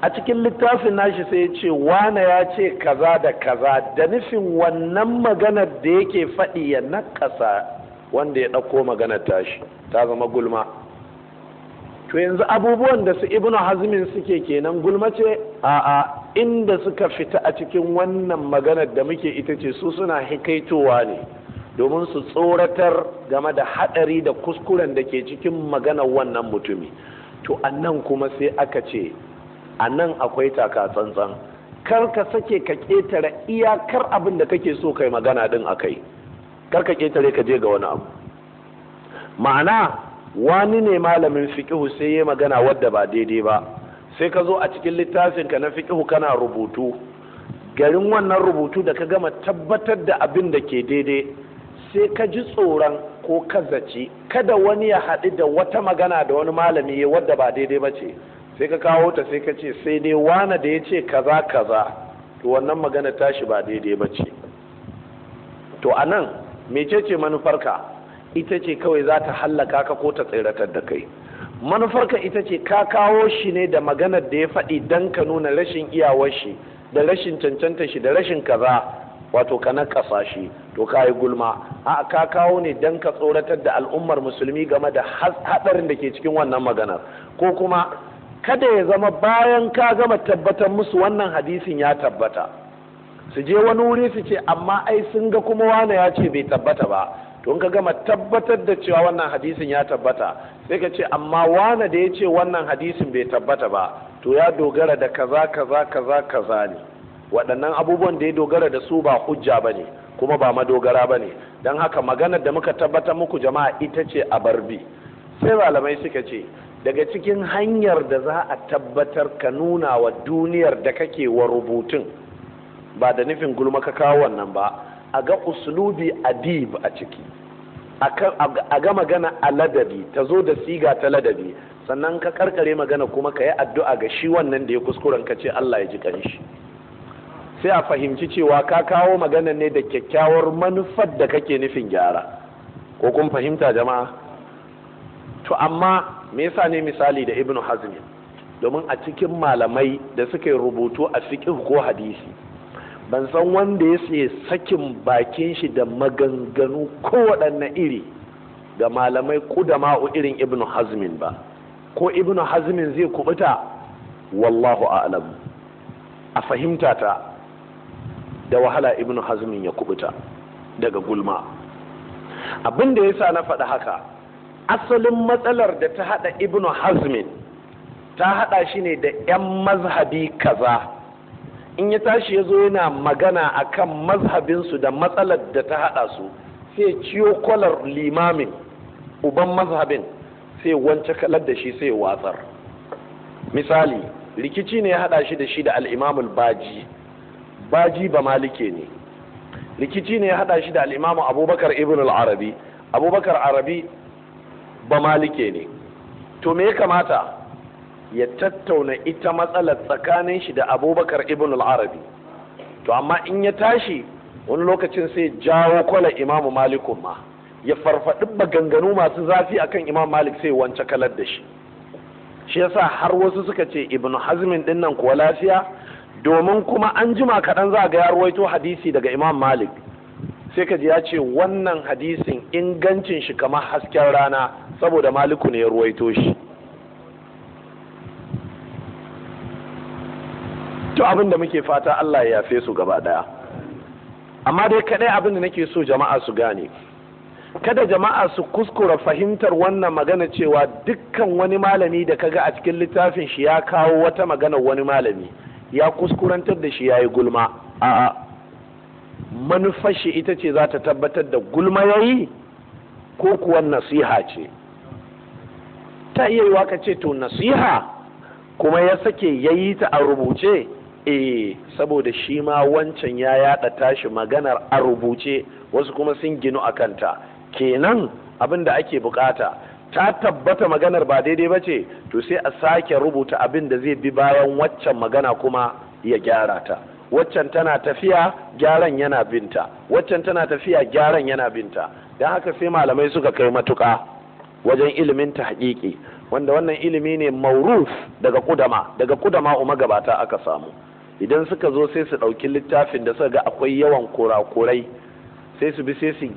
acikin littafin nashi sai ya ce wane ya ce kaza da kaza da ديكي فأي maganar wanda ya ɗauko maganar tashi ta zama gulma to yanzu abubuwan da su ibnu hazmin suke kenan gulma ce a'a inda suka fita a cikin wannan maganar da muke ita ce su suna hikaitowa ne domin su tsoratar game da haɗari da kuskuren da ke cikin maganar wannan mutumi to annan kuma sai aka ce annan akwai taka tsantsan kar ka sake ka ƙetare iyakar abin da kake so kai magana ɗin a kai karka ketare ka je ga wani abu ma'ana wani ne malamin fikihu sai ya magana wadda ba daidai ba sai ka zo a cikin littafin ka na fikihu kana rubutu garin wannan rubutu da ka gama tabbatar da abin da ke daidai sai ka ji tsoron ko ka zaci kada wani ya haɗu da wata magana da wani malami ya wadda ba daidai ba ce sai ka kawo ta sai ka ce sai dai wane da ya ce kaza kaza to wannan magana tashi ba daidai ba ce to a nan mecece manufarka ita ce kawai za ta hallaka ka ko ta tsiratar da kai manufarka ita ce ka kawo shi ne da maganar da ya faɗi don ka nuna rashin iyawar shi da rashin cancanta shi da rashin kaza wato ka na ƙasa shi to ka yi gulma a ka kawo ne don ka tsoratar da al'ummar musulmi game da haɗarin da ke cikin wannan maganar ko kuma kada ya zama bayan ka gama tabbatar musu wannan hadisin ya tabbata su je wani wuri su ce amma ai sun ga kuma wane ya ce bai tabbata ba to ka gama tabbatar da cewa wannan hadisin ya tabbata sai ka ce amma wane da ya ce wannan hadisin bai tabbata ba to ya dogara da kaza kaza kaza kaza ne waɗannan abubuwan da ya dogara da su ba hujja ba ne kuma ba madogara ba ne don haka maganar da muka tabbata muku jama'a ita ce a barbi sai malamai suka ce daga cikin hanyar da za a tabbatar ka nuna wa duniyar da kake wa rubutun ba da nufin gulma ka kawo wannan ba a ga uslubi adib a ciki a ga magana a ladabi ta zo da siga ta ladabi sannan ka karkare magana kuma ka yi addu'a ga shi wannan da ya kuskuren ka ce Allah ya ji kanshi sai a fahimci cewa ka kawo magana ne da kyakkyawar manufar da kake nufin gyara ko kun fahimta jama'a to amma me yasa ne misali da ibnu hazmi domin a cikin malamai da suka yi rubutu a fiqh ko hadisi ban san wanda ya sai sakin bakin shi da maganganu kowaɗanne iri ga malamai kudama'u irin ibnu hazmin ba ko ibnu hazmin zai kubuta wallahu a'lam a fahimta ta da wahala ibnu hazmin ya kubuta daga gulma abin da sa na faɗa haka asalin matsalar da ta haɗa ibnu hazmin ta haɗa shi ne da 'yan mazhabi kaza in ya tashi ya zo yana magana a kan mazhabinsu da matsalar da ta haɗa su sai ciyo kwalar limamin uban mazhabin sai wance kalar da shi sai watsar misali rikici ne ya haɗa shi da shi da al'imamul baji baji ba malike ne rikici ne ya haɗa shi da al'imamu abubakar ibn al-arabi abubakar arabi ba malike ne to me ya kamata ya tattauna ita matsalar tsakanin shi da abubakar ibn al-arabi to amma in ya tashi wani lokacin sai jawo kwala imamu malikun ma ya farfaɗi maganganu masu zafi akan imam malik sai wance kalar da shi shi yasa har wasu suka ce ibn hazmin din nan kuwa lafiya domin kuma an jima kaɗan za ga ya ruwaito hadisi daga imam malik sai ka ji ya ce wannan hadisin ingancin shi kamar hasken rana saboda maliku ne ya ruwaito shi to abin da muke fata Allah ya yafe su gaba daya amma dai kadai abin da nake so jama'a su gane kada jama'a su kuskura fahimtar wannan magana cewa dukkan wani malami da kaga a cikin littafin shi ya kawo wata magana wani malami ya kuskurantar da shi ya yi gulma a'a manufar shi ita ce za ta tabbatar da gulma ya yi ko kuwa nasiha ce ta iya yiwa ka ce to nasiha kuma ya sake ya yi ta a rubuce eh saboda shi ma wancan ya yada tashi maganar a rubuce wasu kuma sun ginu a kanta kenan abin da ake bukata ta tabbata maganar ba daidai ba ce to sai a sake rubuta abin da zai bi bayan waccan magana kuma ya gyara ta waccan tana tafiya gyaran yana binta waccan tana tafiya gyaran yana binta don haka sai malamai suka kai matuka wajen ilimin ta wanda wannan ilimi ne mauruf daga kudama daga kudama umar gabata aka samu idan suka zo sai su ɗauki littafin da suka ga akwai yawan kurakurai sai su bi sai su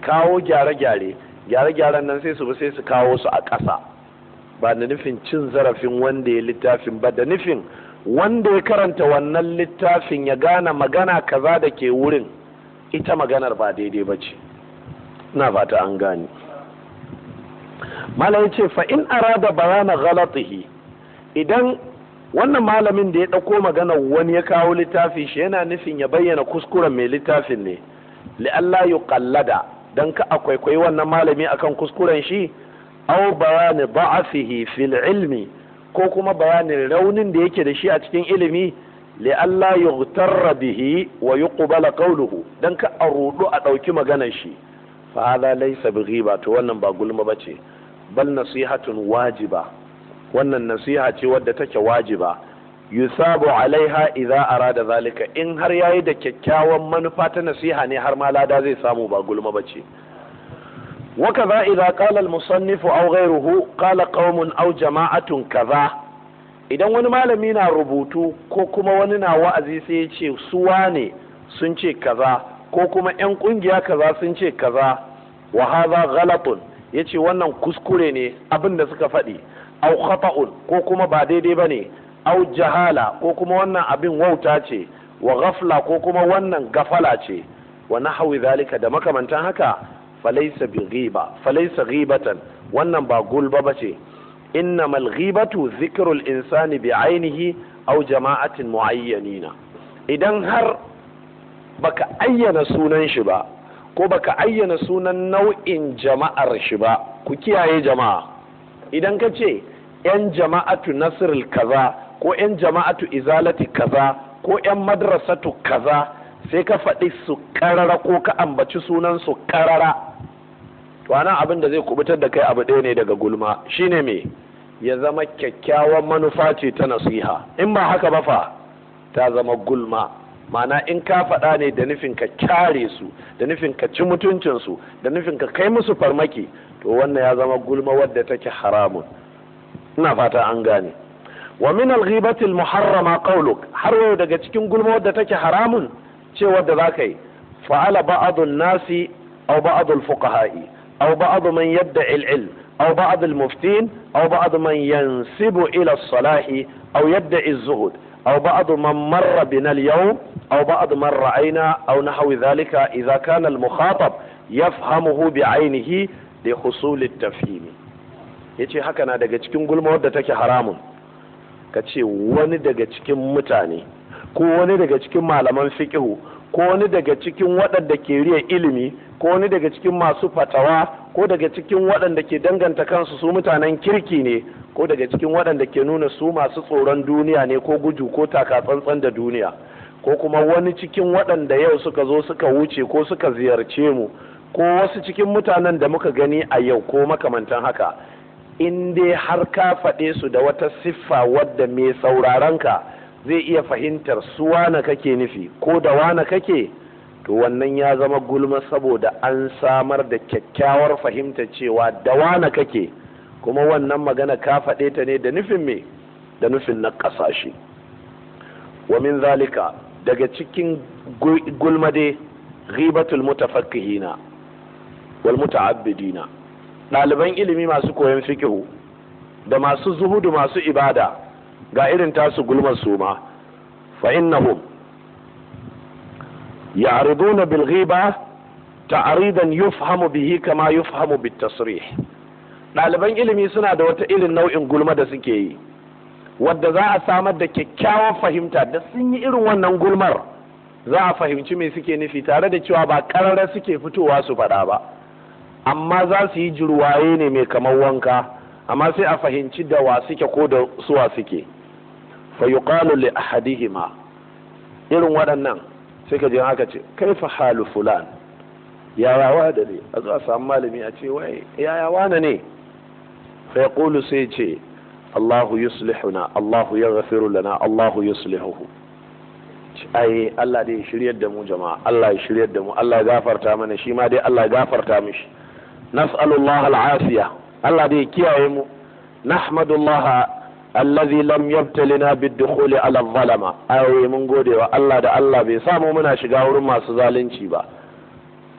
kawo gyare-gyare gyare-gyaren nan sai su bi sai su kawo su a ƙasa ba da nufin cin zarafin wanda ya littafin ba da nufin wanda ya karanta wannan littafin ya gane magana kaza da ke wurin ita maganar ba daidai ba ce na fata an gane malam ya ce fa in arada bayana galatihi idan wannan malamin da ya ɗauko magana wani ya kawo littafin shi yana nufin ya bayyana kuskuren mai littafin ne li'alla kallada. dan ka akwaikwai wannan malami akan kuskuren shi aw bayani da'afihi fil ilmi ko kuma bayanin raunin da yake da shi a cikin ilimi li'alla yughtarra bihi wa yuqbala qawluhu dan ka a rudu a ɗauki maganar shi fa laysa to wannan ba gulma bace bal nasihatun wajiba wannan nasiha ce wadda take wajiba yusabu alaiha idza arada zalika in har yayi da kyakkyawan manufa ta nasiha ne har ma lada zai samu ba gulma bace وكذا إذا قال المصنف أو غيره قال au أو جماعة kaza. idan wani malami na rubutu ko kuma wani na wa'azi sai ya ce su wane sun ce kaza ko kuma 'yan kungiya kaza sun ce kaza wa haza ghalatun ya ce wannan kuskure ne abin da suka faɗi au khata'un ko kuma ba daidai bane au jahala ko kuma wannan abin wauta ce wa ghafla ko kuma wannan gafala ce wa nahwi zalika da makamantan haka falaysa bi ghiba falaysa ghibatan wannan ba gulba bace innamal ghibatu dhikrul insani bi ainihi au jama'atin muayyanina idan har baka ayyana sunan shi ba ko baka ayyana sunan nau'in jama'ar shi ba ku kiyaye jama'a idan ka ce 'yan jama'atu nasirul kaza ko 'yan jama'atu izalati kaza ko 'yan madrasatu kaza sai ka faɗi su karara ko ka ambaci sunan su karara wannan abin da zai kubutar da kai abu ɗaya ne daga gulma shine mai ya zama kyakkyawan manufa ce ta nasiha in ba haka ba fa ta zama gulma mana in ka faɗa ne da nufin ka kyare su da nufin ka ci mutuncinsu da nufin ka kai musu farmaki to wannan ya zama gulma wadda take haramun ina fata an gane wa min al-ghibati al-muharrama qawluk har wayo daga cikin gulma wadda take haramun ce wadda zaka yi fa'ala ba'd nasi aw ba'd al-fuqaha'i aw ba'd man yad'i al-ilm aw ba'd al-muftin aw ba'd man yansibu ila as-salahi aw yad'i az-zuhd أو بعض من مر بنا اليوم أو بعض من رأينا أو نحو ذلك إذا كان المخاطب يفهمه بعينه li husulit tafhimi yace haka na daga cikin gulma wadda take haramun ka ce wani daga cikin mutane ko wani daga cikin malaman fiqihu ko wani daga cikin waɗanda ke riya ilimi ko wani daga cikin masu fatawa ko daga cikin waɗanda ke danganta kansu su mutanen kirki ne ko daga cikin waɗanda ke nuna su masu tsoron duniya ne ko guju ko takatsantsan da duniya ko kuma wani cikin waɗanda yau suka zo suka wuce ko suka ziyarce mu ko wasu cikin mutanen da muka gani a yau ko makamantan haka in dai har ka faɗe su da wata siffa wadda mai sauraronka zai iya fahimtar su wane kake nufi ko da wane kake to wannan ya zama gulma saboda an samar da kyakkyawar fahimta cewa da wane kake kuma wannan magana ka faɗe ta ne da nufin me da nufin na ƙasashe wamin zalika daga cikin gulma dai ghibatul mutafakkihina wal muta'abbidina ɗaliban ilimi masu koyon fikihu da masu zuhudu masu ibada ga irin tasu gulmar su ma fa innahum ya'riduna bil ghiba ta'ridan yufhamu bihi kama yufhamu bit tasrih ɗaliban ilimi suna da wata irin nau'in gulma da suke yi wadda za a samar da kyakkyawar fahimta da sun yi irin wannan gulmar za a fahimci me suke nufi tare da cewa ba karara suke fitowa su faɗa ba amma za su yi jirwaye ne mai kamar wanka amma sai a fahimci da wa suke ko da suwa suke fa yuqalu li ahadihima irin waɗannan sai ka je haka ce kaifa halu fulan yayawa da ne a zuwa samu malami a ce wai yayawa na ne fa yaqulu sai ce Allahu yuslihuna Allahu yaghfiru lana Allahu yuslihuhu ai Allah dai shiryar da mu jama'a Allah ya shiryar da mu Allah ya gafarta mana shi ma dai Allah ya gafarta mishi nas'alullah al'afiya Allah dai kiyaye mu nahmadullah allazi lam yabtalina na dukhuli ala zalama ayoyi mun gode wa Allah da Allah bai samu muna shiga wurin masu zalunci ba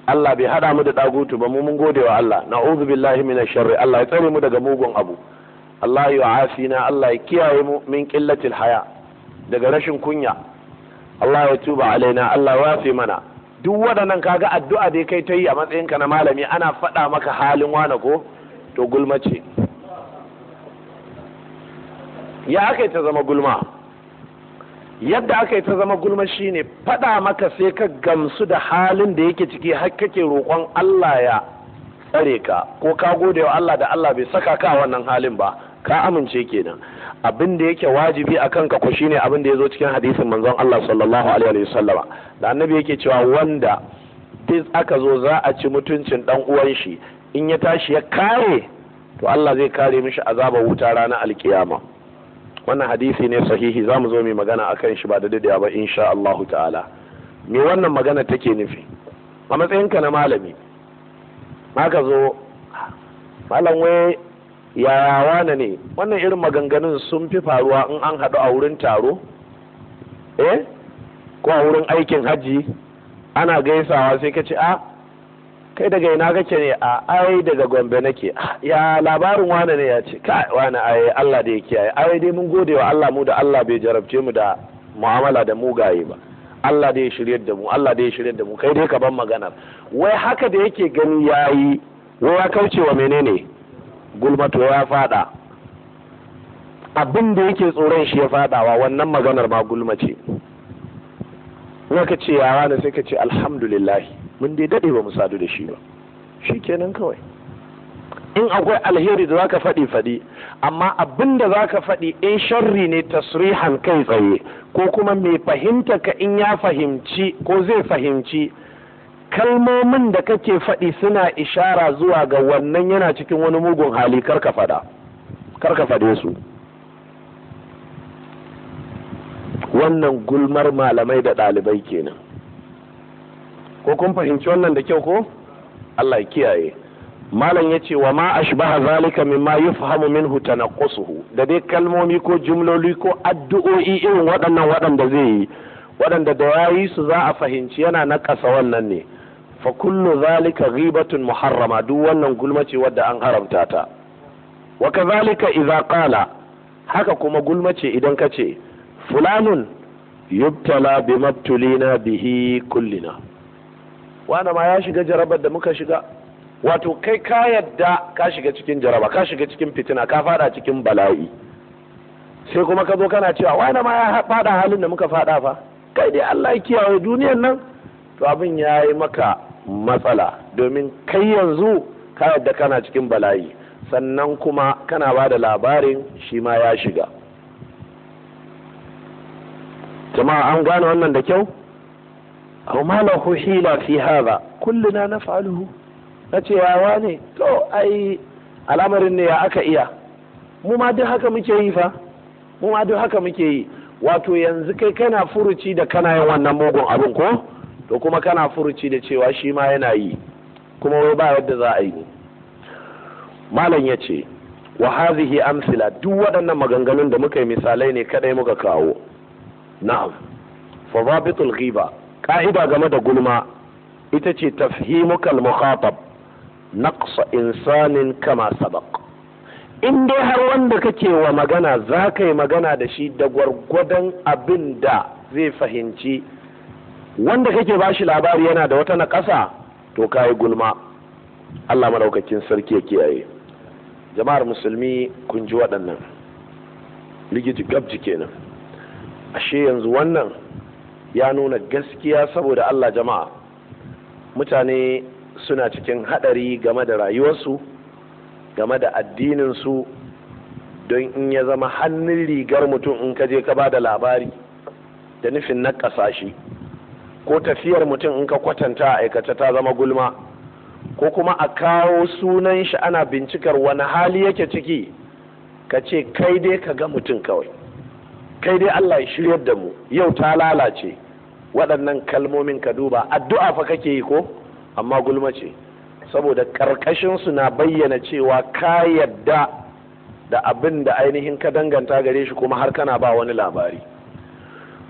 Allah bai haɗa mu da dagutu ba mu mun gode wa Allah na'udhu billahi minash sharri Allah ya tsare mu daga mugun abu Allah ya afina Allah ya kiyaye mu min qillatil haya daga rashin kunya Allah ya tuba alaina Allah ya wafi mana duk waɗannan kaga addu'a da kai ta yi a matsayinka na malami ana faɗa maka halin wane ko to gulma ce ya aka ta zama gulma yadda aka ta zama gulma shine faɗa maka sai ka gamsu da halin da yake ciki har kake roƙon Allah ya tsare ka ko ka gode wa Allah da Allah bai saka ka wannan halin ba ka amince kenan abin da yake wajibi a kanka ku shine abin da ya zo cikin hadisin manzon Allah sallallahu alaihi wasallama da annabi yake cewa wanda duk aka zo za a ci mutuncin dan uwan shi in ya tashi ya kare to Allah zai kare mishi azabar wuta ranar alkiyama wannan hadisi ne sahihi za mu zo mai magana a kan shi ba da daidai ba insha Allah ta'ala me wannan magana take nufi a matsayinka na malami ka zo malam wai yaya wane ne wannan irin maganganun sun fi faruwa in an haɗu a wurin taro eh ko a wurin aikin hajji ana gaisawa sai ka ce a ah, kai daga ina kake ne a ah, ai daga gombe nake ah, ya labarin wane ne ya ce kai wane ai Allah da ya kiyaye ai dai mun gode wa Allah mu da Allah bai jarabce mu da mu'amala da mugaye ba Allah da ya shiryar da mu Allah da ya shiryar da mu kai dai ka ban maganar wai haka da yake gani yayi wai ya kauce wa menene gulma to ya fada abinda yake tsoron shi ya fadawa wannan maganar ma gulma ce ka ce yawa ne sai ka ce alhamdulillah mun dai dade ba mu sadu da shi ba shi kenan kawai in akwai alheri da zaka faɗi faɗi amma abin da zaka faɗi in sharri ne tasrihan kai tsaye ko kuma mai fahimta ka in ya fahimci ko zai fahimci kalmomin da kake faɗi suna ishara zuwa ga wannan yana cikin wani mugun hali karka faɗa karka faɗe su wannan gulmar malamai da ɗalibai kenan ko kun fahimci wannan da kyau ko Allah kiyaye malam ya ce wa ma ashbaha zalika mimma yufhamu minhu tanaqqusuhu da dai kalmomi ko jumloli ko addu'o'i irin waɗannan waɗanda zai yi waɗanda da yayi su za a fahimci yana na ƙasa wannan ne fa kullu zalika ghibatun muharrama duk wannan gulma ce wadda an haramta ta wa kadhalika idza qala haka kuma gulma ce idan kace fulanun yubtala bimabtulina bihi kullina wana ma ya shiga jarabar da muka shiga wato kai ka yadda ka shiga cikin jaraba ka shiga cikin fitina ka fada cikin bala'i sai kuma ka zo kana cewa wani ma ya fada halin da muka fada fa kai dai Allah ya kiyaye duniyar nan to abin ya yi maka matsala domin kai yanzu ka yadda kana cikin bala'i sannan kuma kana ba da labarin shi ma ya shiga jama'a an gane wannan da kyau aw ma lahu hila fi hadha kulluna naf'aluhu nace yawa ne to ai al'amarin ne ya aka iya mu ma duk haka muke yi fa mu ma duk haka muke yi wato yanzu kai kana furuci da kana yin wannan mugun abin ko to kuma kana furuci da cewa shi ma yana yi kuma wai ba yadda za a yi malam ya ce wa hazihi amsila duk waɗannan maganganun da muka yi misalai ne kadai muka kawo na'am fa zabitul ghiba ka'ida game da gulma ita ce tafhimukal muhatab naqsa insanin kama sabaq in dai har wanda kake wa magana za ka yi magana da shi da gwargwadon abin da zai fahimci wanda kake shi labari yana da wata naƙasa to kayi gulma Allah maɗaukakin sarki ya kiyaye jama'ar musulmi kun ji waɗannan ligiji gabji kenan ashe yanzu wannan ya nuna gaskiya saboda Allah jama'a mutane suna cikin haɗari game da rayuwarsu game da addininsu don in ya zama hannun rigar mutum in ka je ka ba da labari da nufin na ƙasashe ko tafiyar mutum in ka kwatanta a aikace ta zama gulma ko kuma a kawo sunan shi ana bincikar wani hali yake ciki ka ce kai dai ka ga mutum kawai kai dai Allah ya shiryar da mu yau ta lalace waɗannan kalmomin ka duba addu'a fa kake yi ko amma gulma ce saboda karkashin su na bayyana cewa ka yadda da abin da ainihin ka danganta gare shi kuma har kana ba wani labari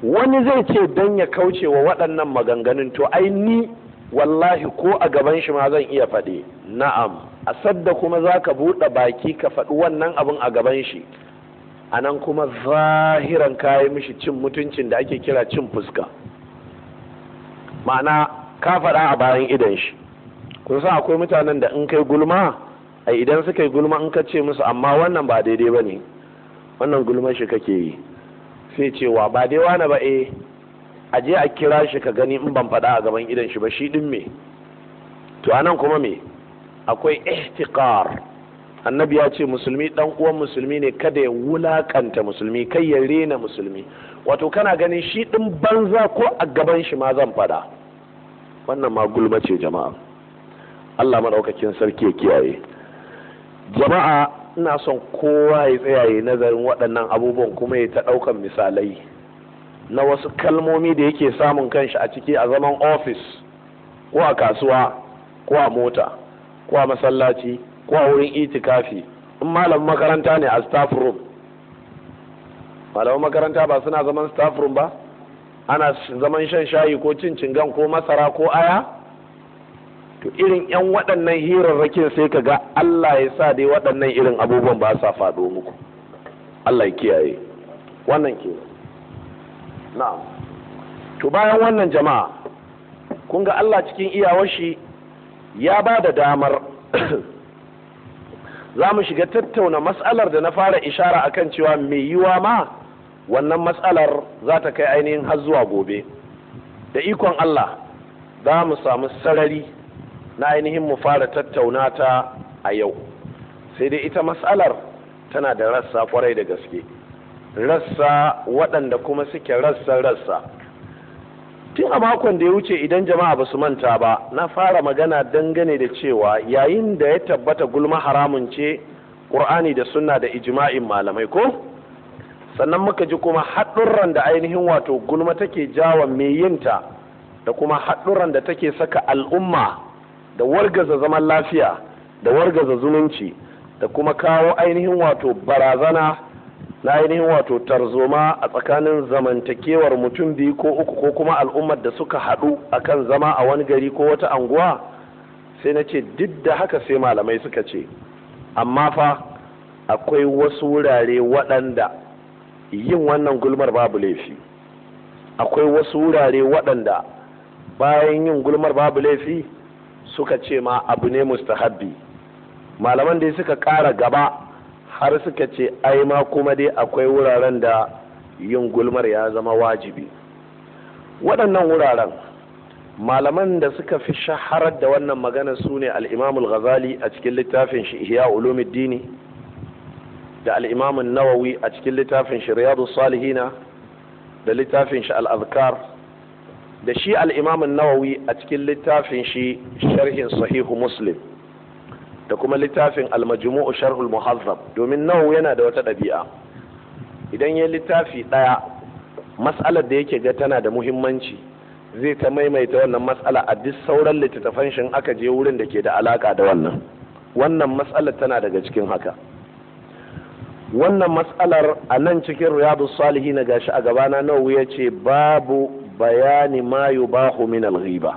wani zai ce don ya kauce wa waɗannan maganganun to ai ni wallahi ko a gaban shi ma zan iya faɗi na'am a sadda kuma za ka buɗe baki ka faɗi wannan abin a gaban shi a nan kuma zahiran kayi mishi cin mutuncin da ake kira cin fuska ma'ana ka faɗa a bayan idan shi kun san akwai mutanen da in kai gulma a idan suka yi gulma in ka ce musu amma wannan ba daidai ba ne wannan gulma shi kake yi sai cewa ba dai wani ba e, a je a kira shi ka gani in ban faɗa a gaban idan shi ba shi ɗin me to anan kuma me akwai ihtiqar annabi ya ce musulmi dan uwan musulmi ne kada ya wulakanta musulmi kai ya rena musulmi wato kana ganin shi din banza ko a gaban shi ma zan faɗa? wannan ma gulma ce jama'a Allah madaukakin sarki ya kiyaye jama'a ina son kowa ya tsaya ya nazarin waɗannan abubuwan kuma ya ta ɗaukan misalai na wasu kalmomi da yake samun kanshi a ciki a zaman ofis ko a kasuwa ko a mota ko a masallaci ko a wurin itikafi in malamin makaranta ne a staff room Malamin makaranta ba suna zaman staff room ba ana zaman shan shayi ko cin cingan ko masara ko aya to irin yan waɗannan hirarrakin sai ka ga Allah ya sa dai waɗannan irin abubuwan ba sa faɗo muku Allah ya kiyaye wannan ke na'am to bayan wannan jama'a kun ga Allah cikin iyawar ya ba da damar za mu shiga tattauna matsalar da na fara ishara akan cewa mai yiwa ma wannan matsalar za ta kai ainihin har zuwa gobe da ikon Allah za mu samu sarari na ainihin mu fara tattauna ta a yau sai dai ita matsalar tana da rassa kwarai da gaske rassa waɗanda kuma suke rassa rassa tun a makon da ya wuce idan jama'a ba su manta ba na fara magana dangane da cewa yayin da ya tabbata gulma haramun ce ƙur'ani da sunna da ijma'in malamai ko sannan muka ji kuma haɗurran da ainihin wato gulma take jawa mai yinta da kuma haɗurran da take saka al'umma da wargaza zaman lafiya da wargaza zumunci da kuma kawo ainihin wato barazana na ainihin wato tarzoma a tsakanin zamantakewar mutum biyu ko uku ko kuma al'ummar da suka haɗu a kan zama a wani gari ko wata anguwa sai na ce duk da haka sai malamai suka ce amma fa akwai wasu wurare waɗanda yin wannan gulmar babu laifi akwai wasu wurare waɗanda bayan yin gulmar babu laifi suka ce ma abu ne mustahabbi malaman dai suka ƙara gaba har suka ce ai ma kuma dai akwai wuraren da yin gulmar ya zama wajibi waɗannan wuraren malaman da suka fi shaharar da wannan magana su ne al'imamul ghazali a cikin littafin shi ihya ulumiddini da al'imamun nawawi a cikin littafin shi riyadu salihina da littafin shi al'azkar da shi al nawawi a cikin littafin shi sharhin sahihu muslim da kuma littafin almajmu'u sharhul muhazzab domin nawawi yana da wata ɗabi'a idan ya littafi ɗaya mas'alar da yake ga tana da muhimmanci zai ta maimaita wannan matsala a duk sauran littattafan shin aka je wurin da ke da alaka da wannan wannan matsalar tana daga cikin haka wannan matsalar a nan cikin riyadu salihi na gashi a gabana nawawi ya ce babu bayani ma yubahu min alghiba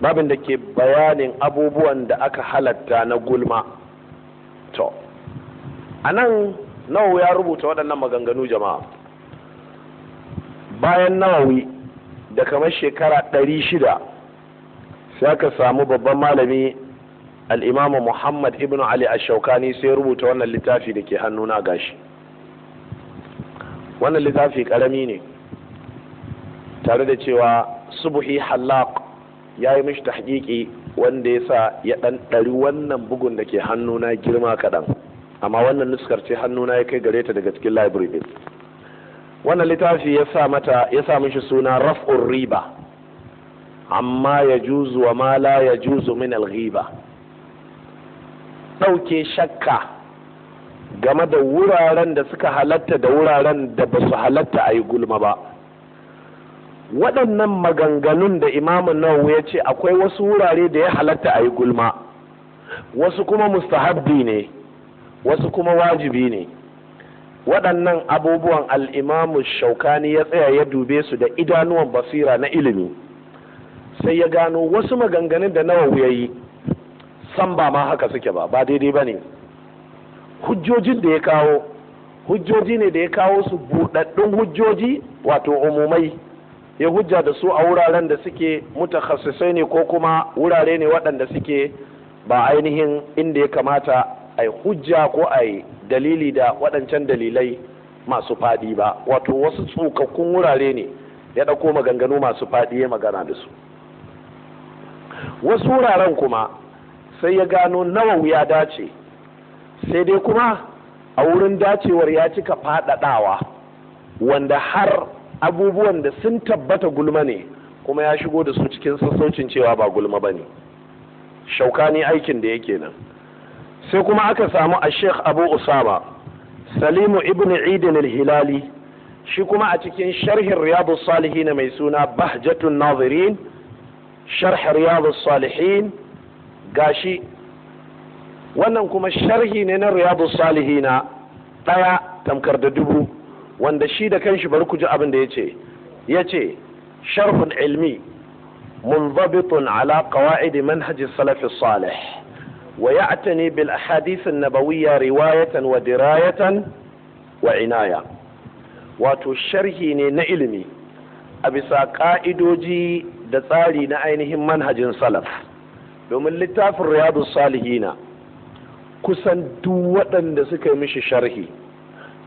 babin da ke bayanin abubuwan da aka halatta na gulma to anan nawawi ya rubuta waɗannan maganganu jama'a bayan nawawi da kamar shekara ɗari shida sai aka samu babban malami al'imamu muhammad ibn ali ashaukani sai rubuta wannan littafi da ke hannuna gashi wannan littafi ƙarami ne tare da cewa subuhi halak ya yi mishi tahqiqi wanda ya sa ya ɗanɗari wannan bugun da ke hannuna girma kaɗan amma wannan nuskar ce hannuna ya kai gare ta daga cikin library din wannan littafi ya sa mata ya sa mishi suna raf'ur riba amma ya juzu wa ma ya juzu min al-ghiba ɗauke shakka game da wuraren da suka halatta da wuraren da ba su halatta a yi gulma ba waɗannan maganganun da imamun nawa ya ce akwai wasu wurare da ya halatta a yi gulma wasu kuma mustahabbi ne wasu kuma wajibi ne waɗannan abubuwan al'imamu shaukani ya tsaya ya dube su da idanuwan basira na ilimi sai ya gano wasu maganganun da nawawi ya yi san ba ma haka suke ba ba daidai ba ne hujjojin da ya kawo hujjoji ne da ya kawo su buɗaɗɗun hujjoji wato umumai ya hujja da su a wuraren da suke mutakhassisai ne ko kuma wurare ne waɗanda suke ba ainihin inda ya kamata a hujja ko a dalili da waɗancan dalilai masu faɗi ba wato wasu tsukakkun wurare ne ya ɗauko maganganu masu faɗi ya magana da su wasu wuraren kuma sai ya gano nawa ya dace sai dai kuma a wurin dacewar ya cika faɗaɗawa wanda har abubuwan da sun tabbata gulma ne kuma ya shigo da su cikin sassaucin cewa ba gulma ba ne shaukani aikin da yake nan sai kuma aka samu a sheikh abu usama salimu ibn idin hilali shi kuma a cikin sharhin riyadu salihin mai suna bahjatun nazirin sharhin riyadu salihin gashi wannan kuma sharhi ne na riyadu salihina ɗaya tamkar da dubu wanda shi da kanshi bari ku ji abin da ya ce ya ce sharhul ilmi munzabitun ala qawa'id manhaj salaf salih wa ya'tani bil ahadith an-nabawiyya riwayatan wa dirayatan wa inaya wato sharhi ne na ilmi a bisa ka'idoji da tsari na ainihin manhajin salaf domin littafin riyadu salihina kusan duk waɗanda suka yi mishi sharhi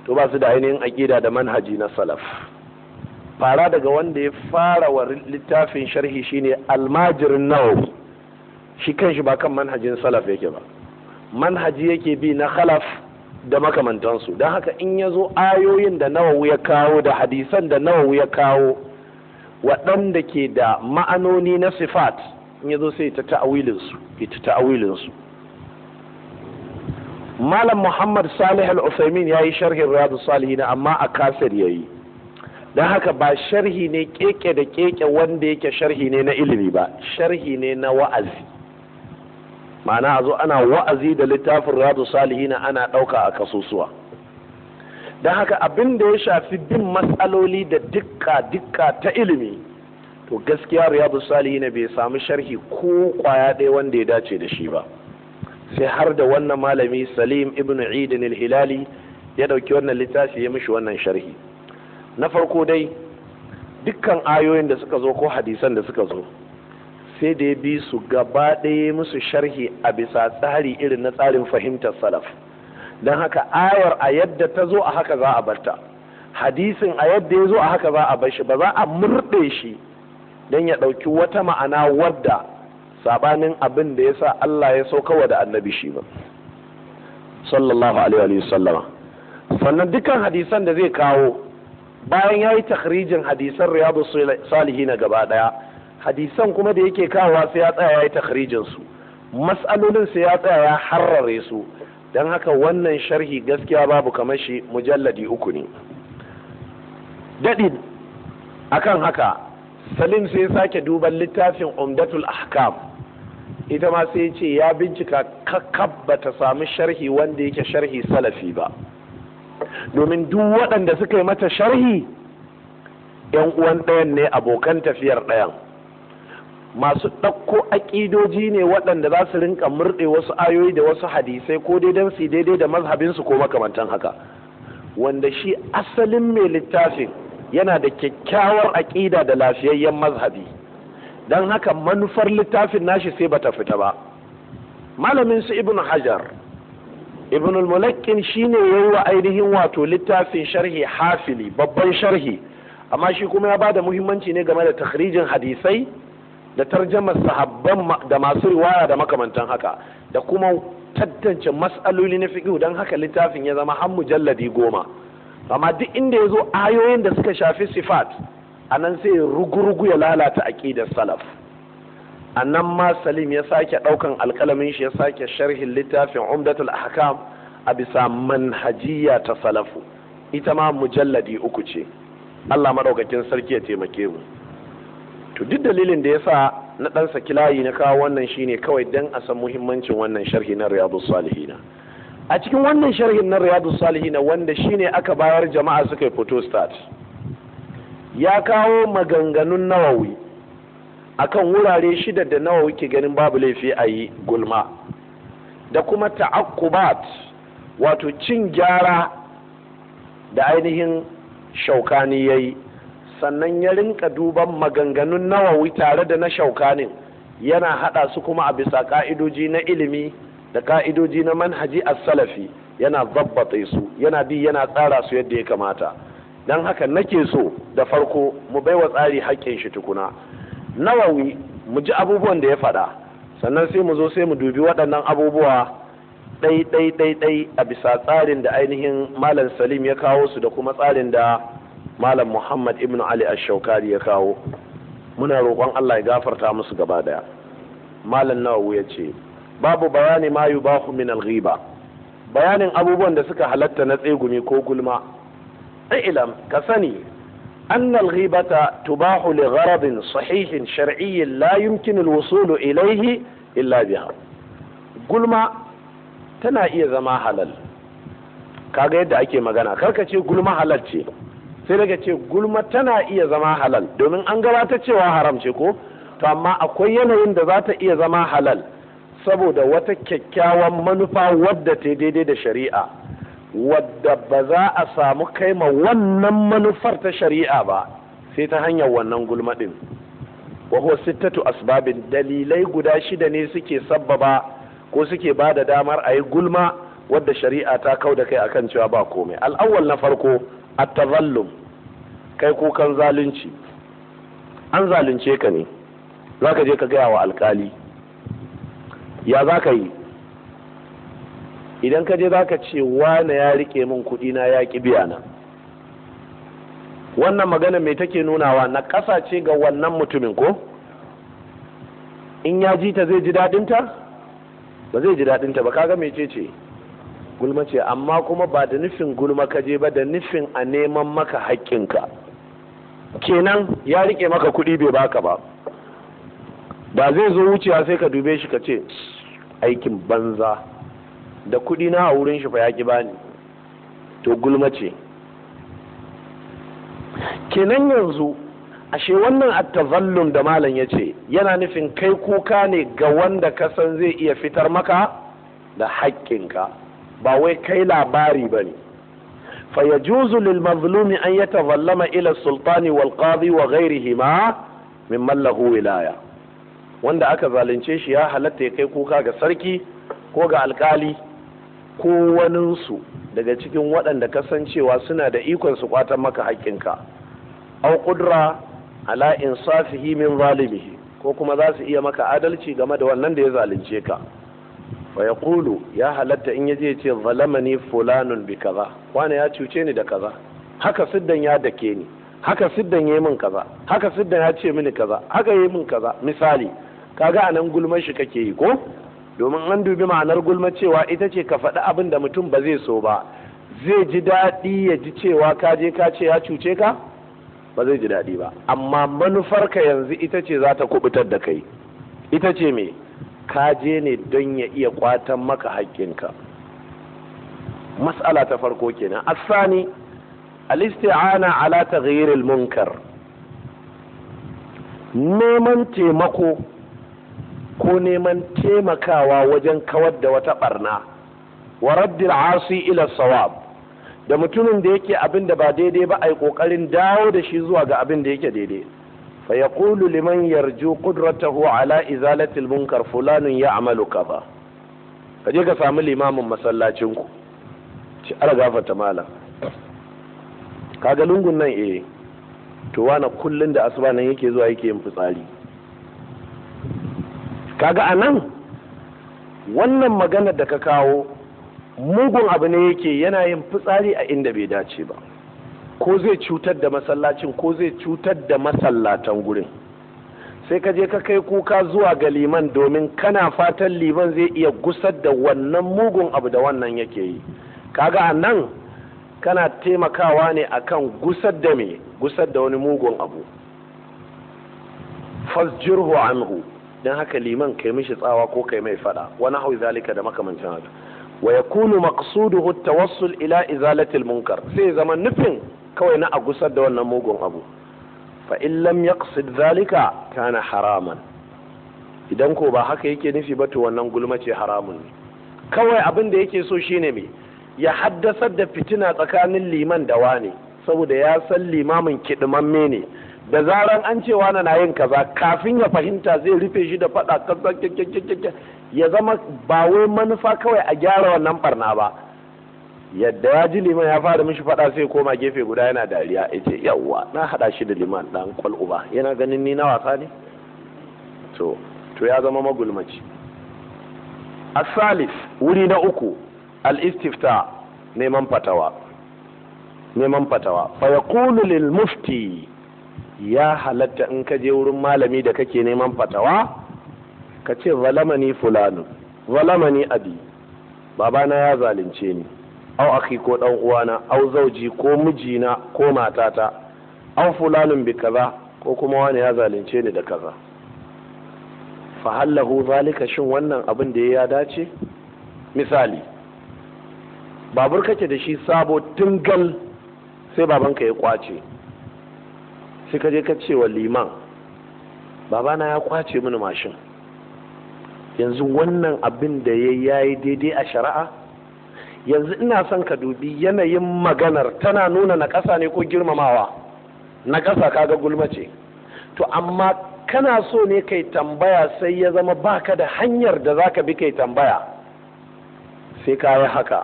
to ba su da ainihin aƙida da manhaji na salaf fara daga wanda ya fara wa littafin sharhi shine almajirin nawawi shi kanshi ba kan manhajin salaf yake ba manhaji yake bi na khalaf da makamantansu don haka in ya zo ayoyin da nawawi ya kawo da hadisan da nawawi ya kawo waɗanda ke da ma'anoni na sifat in ya zo sai ta ita ta'awilinsu malam muhammad salih al-usaimin ya yi sharhin riyadu salihin amma a kasir ya yi don haka ba sharhi ne keke da keke wanda yake sharhi ne na ilimi ba sharhi ne na wa'azi ma'ana a zo ana wa'azi da littafin riyadu salihin ana ɗauka a kasusuwa don haka abin da ya shafi bin matsaloli da dukka dukka ta ilimi to gaskiya riyadu salihin bai samu sharhi ko kwaya ɗaya wanda ya dace da shi ba sai har da wannan malami salim ibn idin hilali ya ɗauki wannan littafi ya mishi wannan sharhi na farko dai dukkan ayoyin da suka zo ko hadisan da suka zo sai da ya bi su gaba ɗaya musu sharhi a bisa tsari irin na tsarin fahimtar salaf don haka ayar a yadda ta zo a haka za a barta hadisin a yadda ya zo a haka za a bar shi ba za a murɗe shi don ya ɗauki wata ma'ana wadda sabanin abin da ya sa Allah ya sauka wa da annabi shi ba sallallahu alaihi wa sallama sannan dukkan hadisan da zai kawo bayan ya yi takhrijin hadisan riyadu salihi na gaba ɗaya. hadisan kuma da yake kawowa sai ya tsaya ya yi takhrijin su yatsa sai ya tsaya ya harrare su don haka wannan sharhi gaskiya babu kamar shi mujalladi uku ne daɗi akan haka salim sai sake duban littafin umdatul ahkam ita ma sai ya ce ya bincika kakkab ba ta samu sharhi wanda yake sharhi salafi ba domin duk waɗanda suka yi mata sharhi yan uwan ɗayan ne abokan tafiyar ɗayan masu ɗauko aƙidoji ne waɗanda za su rinka murɗe wasu ayoyi da wasu hadisai ko daidan su daidai da mazhabinsu ko makamantan haka wanda shi asalin mai littafin yana da kyakkyawar aƙida da lafiyayyen mazhabi don haka manufar littafin nashi sai bata fita ba malamin su ibn hajar ibn shi ne ya yi wa ainihin wato littafin sharhi hafili babban sharhi amma shi kuma ya bada muhimmanci ne game da takhrijin hadisai da tarjamar sahabban da masu riwaya da makamantan haka da kuma tantance mas'aloli na fiƙi don haka littafin ya zama har mujalladi goma amma duk inda ya zo ayoyin da suka shafi sifat a nan sai rugurugu ya lalata aƙidar salaf a nan ma salim ya sake ɗaukan alƙalamin shi ya sake sharhin littafin umdatul ahkam a bisa manhajiya ta salafu ita ma mujalladi uku ce allah maɗaukakin sarki ya taimake mu to duk dalilin da ya sa na ɗansa kilayi na kawo wannan shine kawai don a san muhimmancin wannan sharhi na riyadu salihina a cikin wannan sharhin na riyadu salihin wanda shine aka bayar jama'a suka yi photostat ya kawo maganganun nawawi akan wurare shida da nawawi ke ganin babu laifi a yi gulma da kuma ta'akkubat wato cin gyara da ainihin shaukani ya yi sannan ya rinka duban maganganun nawawi tare da na shaukanin yana hada su kuma a bisa ka'idoji na ilimi da ka'idoji na manhaji a salafi yana zabbata su yana bi yana tsara su yadda ya kamata dan haka nake so da farko mu baiwa tsari haƙƙin shi tukuna nawawi mu ji abubuwan da ya faɗa sannan sai mu zo sai mu dubi waɗannan abubuwa ɗai ɗai ɗai ɗai a bisa tsarin da ainihin malam salim ya kawo su da kuma tsarin da malam muhammad ibn ali ash-shaukari ya kawo muna roƙon allah ya gafarta musu gaba daya malam nawawi ya ce babu bayani ma yubahu min al-ghiba bayanin abubuwan da suka halatta na tsegumi ko gulma ilam ka sani ta الغيبة تباح لغرض صحيح شرعي لا يمكن الوصول إليه إلا بها قل ما تنا إيه زما حلال kaga yadda ake magana karka ce gulma halal ce sai daga ce gulma tana iya zama halal domin an gabata cewa haram ce ko to amma akwai yanayin da za ta iya zama halal saboda wata kyakkyawan manufa wadda ta daidai da shari'a wadda ba za a samu kai ma wannan manufar ta shari'a ba sai ta hanyar wannan gulma ɗin wahuwa sittatu asbabin dalilai guda shida ne suke sabbaba ko suke ba da damar a yi gulma wadda shari'a ta kau da kai akan cewa ba komai al'awwal na farko at-tazallum kai kukan zalunci an zalunce ka ne za ka je ka gaya wa alkali ya za ka yi idan ka je za ka ce wane ya rike min kudina ya ki biya na wannan magana mai take nunawa na ƙasa ce ga wannan mutumin ko in ya ji ta zai ji daɗinta ba zai ji daɗinta ba kaga mai ce gulma ce amma kuma ba da nufin gulma ka je ba da nufin a neman maka haƙƙinka kenan ya rike maka kuɗi bai baka ba Ba zai zo wuciya sai ka dube shi ka ce aikin banza da kudi na a wurin shi fa ya ki bani to gulma ce kenan yanzu ashe wannan attazallum da malam ya ce yana nufin kai kuka ne ga wanda ka san zai iya fitar maka da haƙƙinka ba wai kai labari ba ne an للمظلوم أن sultani إلى wa wa وغيرهما min mallahu wilaya. wanda aka zalunce shi ya halatta ya kai kuka ga sarki ko ga alkali ko waninsu daga cikin waɗanda kasancewa suna da ikon su kwatan maka haƙƙinka au ƙudura ala insafihi min zalimihi ko kuma za su iya maka adalci game da wannan da ya zalunce ka wa ya ya halatta in yaje ce zalamani fulanun bi kaza wani ya cuce ni da kaza haka siddan ya dake ni haka siddan ya yi min kaza haka siddan ya ce mini kaza haka ya yi min kaza misali kaga anan gulman shi kake yi ko domin an dubi ma'anar gulma cewa ita ce ka faɗi abin da mutum ba zai so ba zai ji daɗi ya ji cewa ka je ka ce ya cuce ka ba zai ji daɗi ba amma manufarka yanzu ita ce za ta kubutar da kai ita ce me ka je ne don ya iya kwatan maka haƙƙinka mas'ala ta farko kenan asani al-isti'ana ala taghyiril munkar neman taimako ko neman taimakawa wajen kawar da wata barna wa raddil asi ila sawab da mutumin da yake abin da ba daidai ba ai kokarin dawo da shi zuwa ga abin da yake daidai fa yaqulu liman yarju qudratahu ala izalatil munkar fulanun ya'malu kaza kaje ka samu limamin masallacin ku ci ara gafata malam kaga lungun nan eh to wani kullun da asuba nan yake zuwa yake yin fitsari kaga a nan wannan maganar da ka kawo mugun abu ne yake yana yin fitsari a inda bai dace ba ko zai cutar da masallacin ko zai cutar da masallatan gurin sai ka je ka kai kuka zuwa ga liman domin kana fatan liman zai iya gusar da wannan mugun abu da wannan yake yi kaga a nan kana taimakawa ne akan gusar da me gusar da wani mugun abu fasjirhu anhu dan haka liman kai mishi tsawa ko kai mai fada wani hau zalika da makamancin haka wa yakunu maqsuduhu tawassul ila izalatil munkar sai zama nufin kawai na agusar da wannan mugun abu fa in lam yaqsid zalika kana haraman idan ko ba haka yake nufi ba to wannan gulma ce haramun ne kawai abin da yake so shine me ya haddasar da fitina tsakanin liman da wane saboda ya san limamin kidimamme ne da zaran an ce wani na yin kaza kafin ya fahimta zai rufe shi da faɗa kaza ya zama ba wai manufa kawai a gyara wannan barna ba yadda ya ji liman ya fara mishi faɗa sai koma gefe guda yana dariya ya ce yawwa na haɗa shi da liman ɗan kwal'uba yana ganin ni na wasa ne to to ya zama magulmaci asalis wuri na uku al-istifta neman fatawa neman fatawa fa yaqulu lil mufti ya halatta in ka je wurin malami da kake neman fatawa ka ce zalamani fulanu zalamani abi babana ya zalunce ni au akhi ko dan uwana au zauji ko mijina ko matata au fulanun bi kaza ko kuma wani ya zalunce ni da kaza fa hallahu zalika shin wannan abin da ya dace misali babur kake da shi sabo tingal sai babanka ya kwace sai ka je ka ce wa liman babana ya kwace mini mashin yanzu wannan abin da ya yayi daidai a shari'a yanzu ina son ka dubi yanayin maganar tana nuna na ƙasa ne ko girmamawa na ƙasa kaga gulma ce to amma kana so ne kai tambaya sai ya zama baka da hanyar da za ka bi kai tambaya sai ka yi haka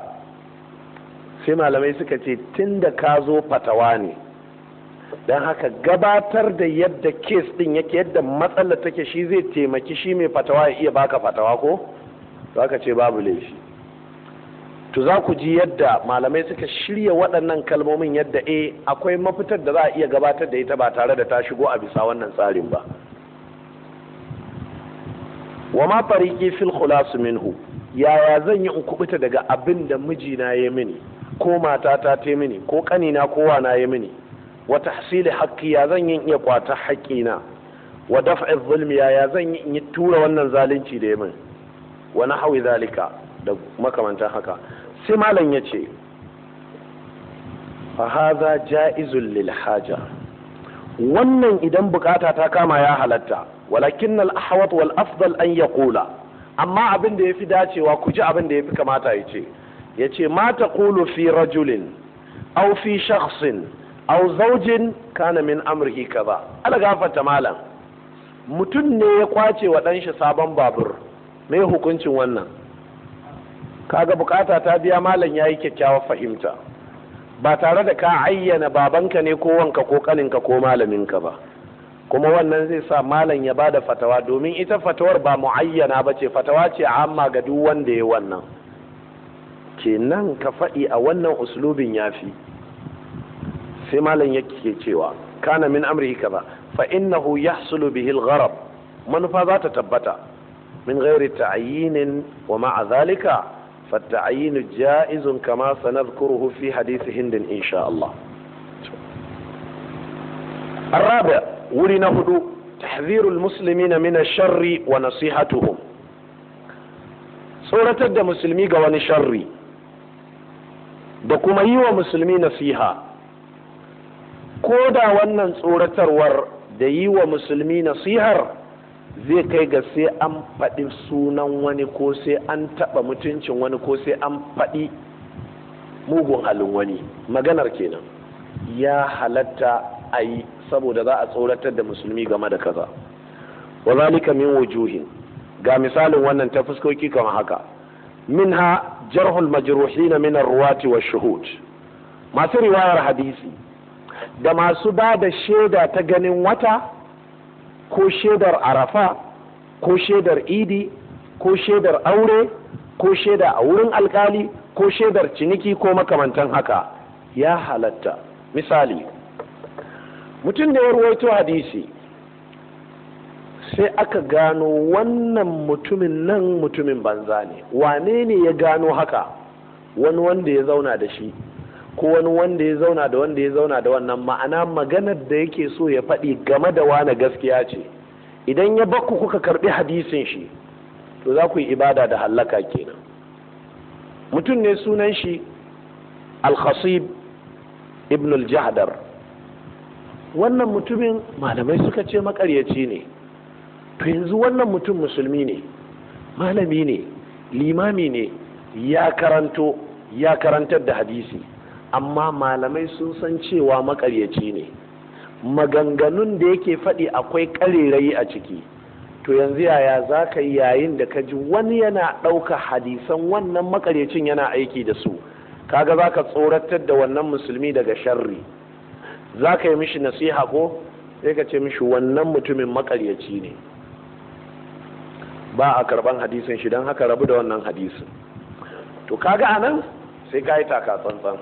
sai malamai suka ce tun da ka zo fatawa ne don haka gabatar da yadda kes din yake yadda matsala take shi zai taimaki shi mai fatawa ya iya baka fatawa ko To aka ce babu laifi to za ku ji yadda malamai suka shirya waɗannan kalmomin yadda e akwai mafitar da za a iya gabatar da ita ba tare da ta shigo a bisa wannan tsarin ba wa ma fariki fil khulasu minhu yaya zan yi in daga abin da mijina ya mini ko matata ta mini ko kanina ko wana ya mini wa tahsili haqqi ya zan yin iya kwata haƙƙina wa daf'i zulmi ya zan yi in tura wannan zalunci da yamin wa nahwi zalika da makamantan haka sai malam ya ce fa hadha ja'izul lil haja wannan idan bukata ta kama ya halatta walakin al ahwat wal afdal an yaqula amma abin da yafi dacewa ku ji abin da yafi kamata ya ce Yace mata ma taqulu fi rajulin aw fi shakhsin aw zaujin kana min amrihi kaza ala fata malam mutum ne ya kwace wa ɗanshi sabon babur me hukuncin wannan kaga bukata ta biya malam ya yi kyakkyawar fahimta ba tare da ka ayyana babanka ne ko wanka ko kaninka ko malaminka ba kuma wannan zai sa malam ya bada fatawa domin ita fatawar ba muayyana ba ce fatawa ce amma ga duk wanda ya wannan kenan ka faɗi a wannan uslubin yafi sai malam yake cewa kana min amri kaza fa innahu yahsulu bihi al-gharab manufa za ta tabbata min ghairi ta'yinin wa ma'a zalika fa ta'yinu ja'izun kama sanadhkuruhu fi hadith hind insha Allah الرابع ولنا هدو تحذير المسلمين من الشر ونصيحتهم سورة الدم مسلمي قواني شري دكما يوى مسلمين فيها ko da wannan tsoratarwar da yi wa musulmi nasihar zai kai ga sai an faɗi sunan wani ko sai an taɓa mutuncin wani ko sai an faɗi mugun halin wani maganar kenan ya halatta a yi saboda za a tsoratar da musulmi game da kaza wa zalika min wujuhin ga misalin wannan ta fuskoki kamar haka minha jarhul majruhina min ar-ruwati wa shuhud masu riwayar hadisi da masu ba da shaida ta ganin wata ko shaidar arafa ko shaidar idi ko shaidar aure ko shaida a wurin alkali ko shaidar ciniki ko makamantan haka ya halatta misali mutum da ya ruwaito hadisi sai aka gano wannan mutumin nan mutumin banza ne wane ne ya gano haka wani wanda ya zauna da shi ko wani wanda ya zauna da wanda ya zauna da wannan ma'ana maganar da yake so ya faɗi game da wane gaskiya ce idan ya bakku kuka karɓi hadisin shi to za ku yi ibada da hallaka kenan mutum ne sunan shi al-khasib ibn al-jahdar wannan mutumin malamai suka ce makaryaci ne to yanzu wannan mutum musulmi ne malami ne limami ne ya karanto ya karantar da hadisi amma malamai sun san cewa makaryaci ne maganganun da yake faɗi akwai ƙarerayi a ciki to yanzu yaya za ka yi yayin da ka ji wani yana ɗauka hadisan wannan makaryacin yana aiki da su kaga za ka tsoratar da wannan musulmi daga sharri za ka yi mishi nasiha ko sai ka ce mishi wannan mutumin makaryaci ne ba a karban hadisin shi don haka rabu da wannan hadisin to kaga anan sai ka yi taka tsantsan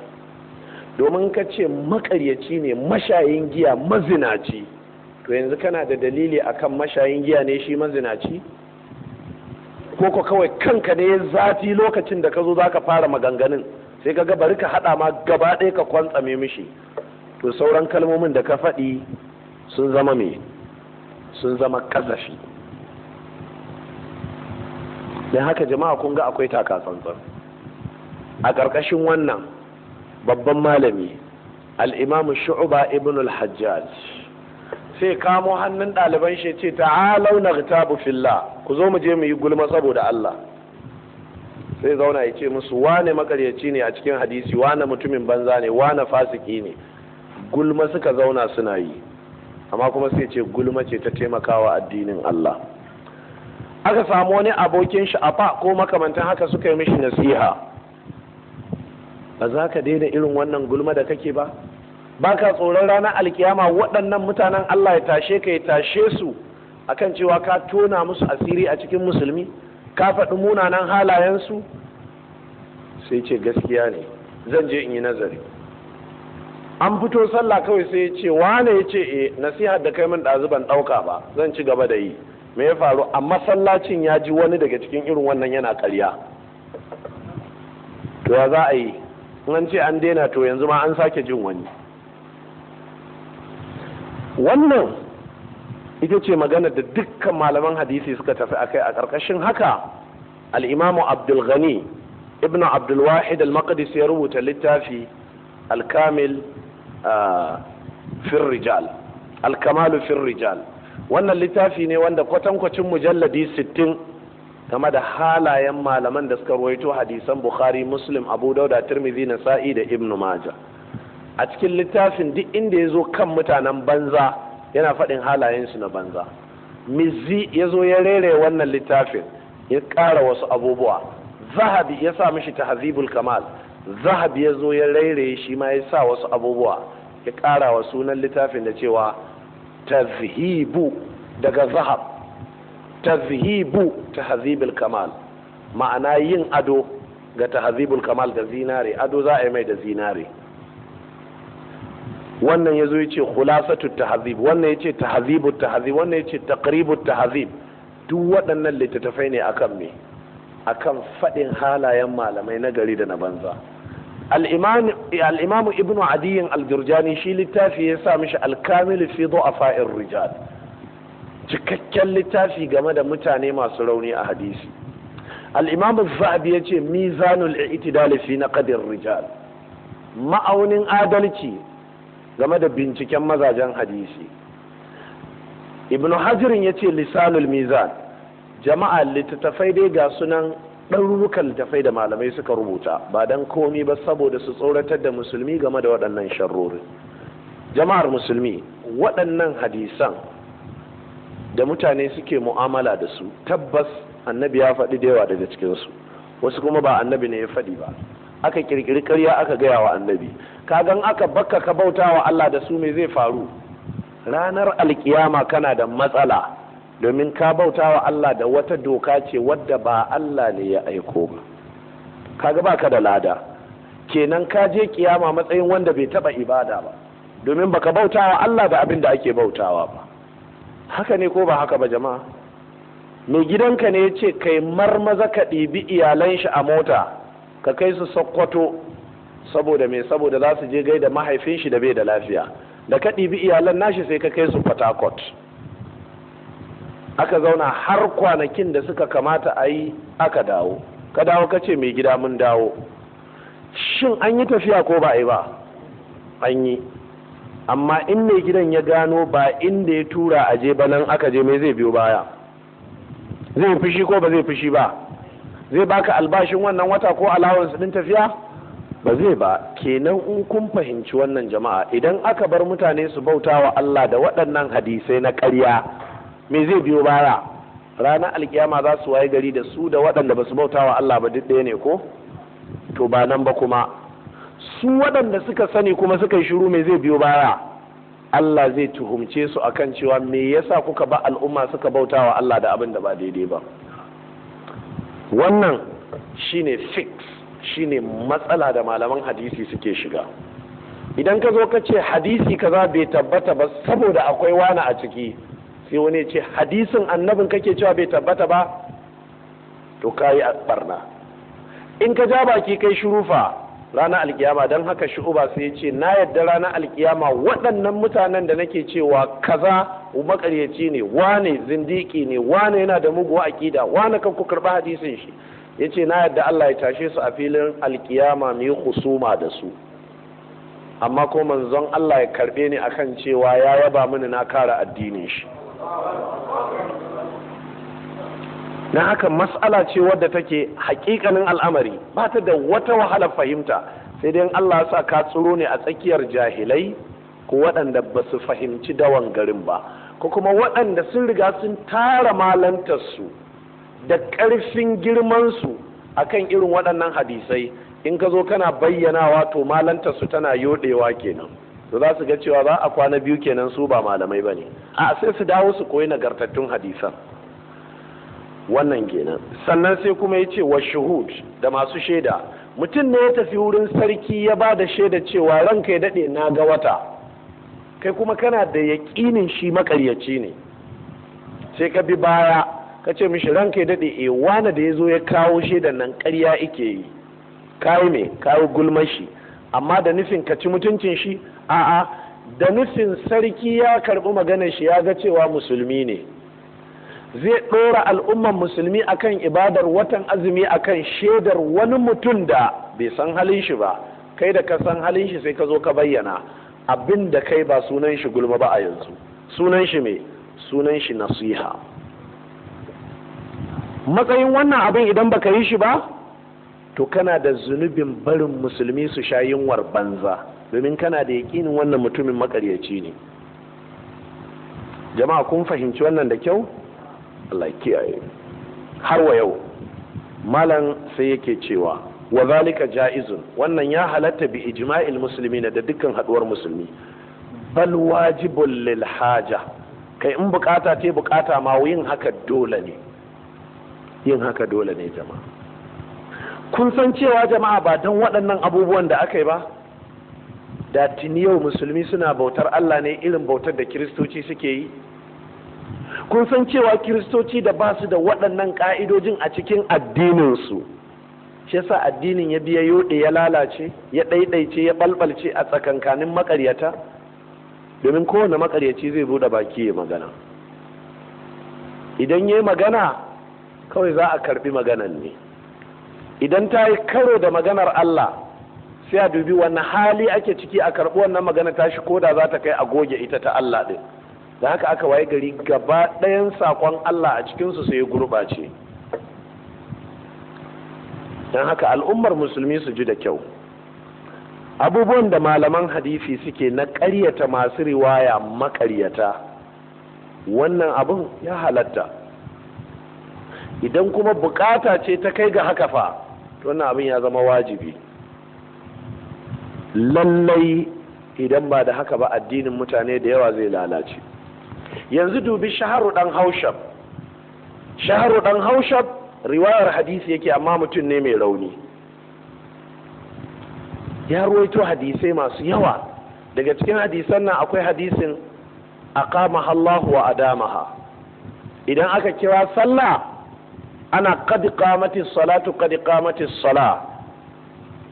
domin ka ce makaryaci ne mashayin giya mazinaci to yanzu kana da dalili akan mashayin giya ne shi mazinaci ko ko kawai kanka ne ya zafi lokacin da ka zo za ka fara maganganun sai ka ga bari ka haɗa ma gaba ɗaya ka kwantsame mishi to sauran kalmomin da ka faɗi sun zama me sun zama ƙazafi don haka jama'a kun ga akwai takatsantsan a ƙarƙashin wannan babban malami al'imamu shu'uba ibn al-hajjaj sai kamo hannun ɗaliban shi ce ta na ta bufilla ku zo mu je mu yi gulma saboda Allah sai zauna ya ce musu wane makaryaci ne a cikin hadisi wane mutumin banza ne wane fasiki ne gulma suka zauna suna yi amma kuma sai ce gulma ce ta taimakawa addinin Allah aka samu wani abokin shi a ko makamantan haka suka yi mishi nasiha ba za ka daina irin wannan gulma da kake ba ba ka tsoron ranar alkiyama waɗannan mutanen Allah ya tashe ka ya tashe su akan cewa ka tona musu asiri a cikin musulmi ka faɗi munanan halayensu sai ce gaskiya ne zan je in yi nazari an fito sallah kawai sai ya ce wane ya ce e eh, nasiha da kai min ɗazu ban ɗauka ba zan ci gaba da yi me ya faru a masallacin ya ji wani daga cikin irin wannan yana karya. to ya za a yi an ce an daina to yanzu ma an sake jin wani wannan ita ce magana da dukkan malaman hadisi suka tafi akai a ƙarƙashin haka al'imamu abdulghani ibn abdulwahid al maqdisi ya rubuta littafi al-kamil ah, fir al-kamalu fir rijal wannan littafi ne wanda kwatankwacin mujalladi sittin. game da halayen malaman da suka ruwaito hadisan bukhari muslim abu dauda tirmidhi sa'i da ibn maja a cikin littafin duk inda ya zo kan mutanen banza yana faɗin halayensu na banza Mizi ya zo ya rere wannan littafin ya ƙara wasu abubuwa zahabi ya sa mishi tahzibul kamal zahabi ya zo ya rere shi ma ya sa wasu abubuwa ya ƙara wa sunan littafin da cewa tazhibu daga zahab tazhibu tahzibul kamal ma'ana yin ado ga tahzibul kamal da zinare ado za a yi mai da zinare wannan yazo yace khulasatu tahzib wannan yace tahzibu tahzib wannan yace taqribu tahzib duk waɗannan littattafai ne akan me akan fadin halayen malamai na gari da na banza al-imamu ibnu adiyin al-jurjani shi littafi ya sa mishi al kamil fi du'afa'ir rijal cikakken littafi game da mutane masu rauni a hadisi al-imam zahabi ya ce mizanul i'tidal na naqdir rijal ma'aunin adalci game da binciken mazajen hadisi ibnu hajirin ya ce lisanul mizan jama'a littattafai dai ga sunan ɗarurukan littattafai da malamai suka rubuta ba don komi ba saboda su tsoratar da musulmi game da waɗannan sharrori jama'ar musulmi waɗannan hadisan da mutane suke mu'amala da su tabbas annabi ya faɗi da yawa daga cikinsu wasu kuma ba annabi ne ya faɗi ba aka ƙirƙiri karya aka gaya wa annabi kagan aka bakka ka bauta wa Allah da su me zai faru ranar alkiyama kana da matsala domin ka bauta wa Allah da wata doka ce wadda ba Allah ne ya aiko ba kaga ba ka da lada kenan ka je ƙiyama matsayin wanda bai taba ibada ba domin baka bauta wa Allah da abin da ake bautawa ba haka ne ko ba haka ba jama'a mai gidanka ne ya ce kai marmaza ka ɗibi iyalan shi a mota ka kai su sokoto saboda mai saboda za su je da mahaifin shi da bai da lafiya da ka ɗibi iyalan nashi sai ka kai su port aka zauna har kwanakin da suka kamata a yi aka dawo ka dawo ka ce mai gida mun dawo shin an yi tafiya ko ba a yi ba an yi amma in mai gidan ya gano ba inda ya tura a je ba nan aka je mai zai biyo baya zai fushi ko ba zai fushi ba zai baka albashin wannan wata ko allowance din tafiya ba zai ba kenan in kun fahimci wannan jama'a idan aka bar mutane su bauta wa Allah da waɗannan hadisai na ƙarya me zai biyo baya ranar alkiyama za su waye gari da su da waɗanda ba su bauta wa Allah ba duk ɗaya ne ko to ba nan ba kuma su waɗanda suka sani kuma suka yi shiru mai zai biyo baya Allah zai tuhumce su akan cewa me yasa kuka ba al'umma suka bauta wa Allah da abin da ba daidai ba wannan shine fix shine matsala da malaman hadisi suke shiga idan ka zo ka ce hadisi kaza bai tabbata ba saboda akwai wani a ciki sai wani ce hadisin annabin kake cewa bai tabbata ba to ka yi a barna in ka ja baki kai shurufa ranar alkiyama don haka shu'uba sai ce na yadda ranar alkiyama waɗannan mutanen da nake cewa kaza makaryaci ne wane zindiki ne wane yana da muguwa akida wane kan ku karɓi hadisin shi ya ce na yadda Allah ya tashe su a filin alkiyama mu yi husuma da su amma ko manzon Allah ya karɓe ni akan cewa ya yaba mini na kara addinin shi na haka mas'ala ce wadda take hakikanin al'amari ba ta da wata wahalar fahimta sai dai Allah sa ka tsoro ne a tsakiyar jahilai ko waɗanda ba su fahimci dawan garin ba ko kuma waɗanda sun riga sun tara malantarsu da ƙarfin girmansu akan irin waɗannan hadisai in ka zo kana bayyanawa to malantarsu tana yoɗewa kenan to za su ga cewa za a kwana biyu kenan su ba malamai ba ne a sai su dawo su koyi nagartattun hadisan wannan kenan sannan sai kuma ya ce wa shahud da masu shaida mutum ne ya tafi wurin sarki ya ba da shaida cewa ranka ya daɗe na ga wata kai kuma kana da yaƙinin shi makaryaci ne sai ka bi baya ka ce mishi ranka ya daɗe e eh, wani da ya zo ya kawo shaida nan ƙarya ike yi kayi mai kayi gulmashi shi amma da nufin ka ci mutuncin shi a'a da nufin sarki ya karɓi maganar shi ya ga cewa musulmi ne zai ɗora al'umman musulmi akan ibadar watan azumi akan shaidar wani mutum da bai san halin shi ba kai da ka san halin shi sai ka zo ka bayyana abin da kai ba sunan shi gulma ba a yanzu sunan shi me sunan shi nasiha matsayin wannan abin idan baka yi shi ba to kana da zunubin barin musulmi su sha yunwar banza domin kana da yaƙinin wannan mutumin makaryaci ne jama'a kun fahimci wannan da kyau Allah kiyaye har wa yau malam sai yake cewa wa zalika ja'izun wannan ya halatta bi ijma'il muslimina da dukkan haduwar musulmi bal wajibul lil haja kai in bukata te bukata ma yin haka dole ne yin haka dole ne jama'a kun san cewa jama'a ba don waɗannan abubuwan da aka yi ba da tuni yau musulmi suna bautar Allah ne irin bautar da kiristoci suke yi kun san cewa kiristoci da ba su da waɗannan ƙa'idojin a cikin addininsu shi yasa addinin ya biya yoɗe ya lalace ya ɗaiɗaice ya ɓalɓalce a tsakankanin maƙaryata domin kowane maƙaryaci zai buɗe baki ya magana idan ya yi magana kawai za a karɓi maganan ne idan ta yi karo da maganar Allah sai a dubi wani hali ake ciki a karɓi wannan magana tashi koda za ta kai a goge ita ta Allah ɗin da haka aka waye gari gaba ɗayan saƙon Allah a cikinsu sai ya gurɓace don haka al'ummar musulmi su ji da kyau abubuwan da malaman hadisi suke na ƙaryata masu riwaya maƙaryata wannan abin ya halatta idan kuma bukata ce ta kai ga haka fa wannan abin ya zama wajibi lallai idan ba da haka ba addinin mutane da yawa zai lalace yanzu dubi shaharu ɗan haushab shaharu ɗan haushab riwayar hadisi yake amma mutum ne mai rauni ya ruwaito hadisai masu yawa daga cikin hadisan nan akwai hadisin aqama Allahu wa adamaha idan aka kira sallah ana qad qamatis salatu qad qamatis salah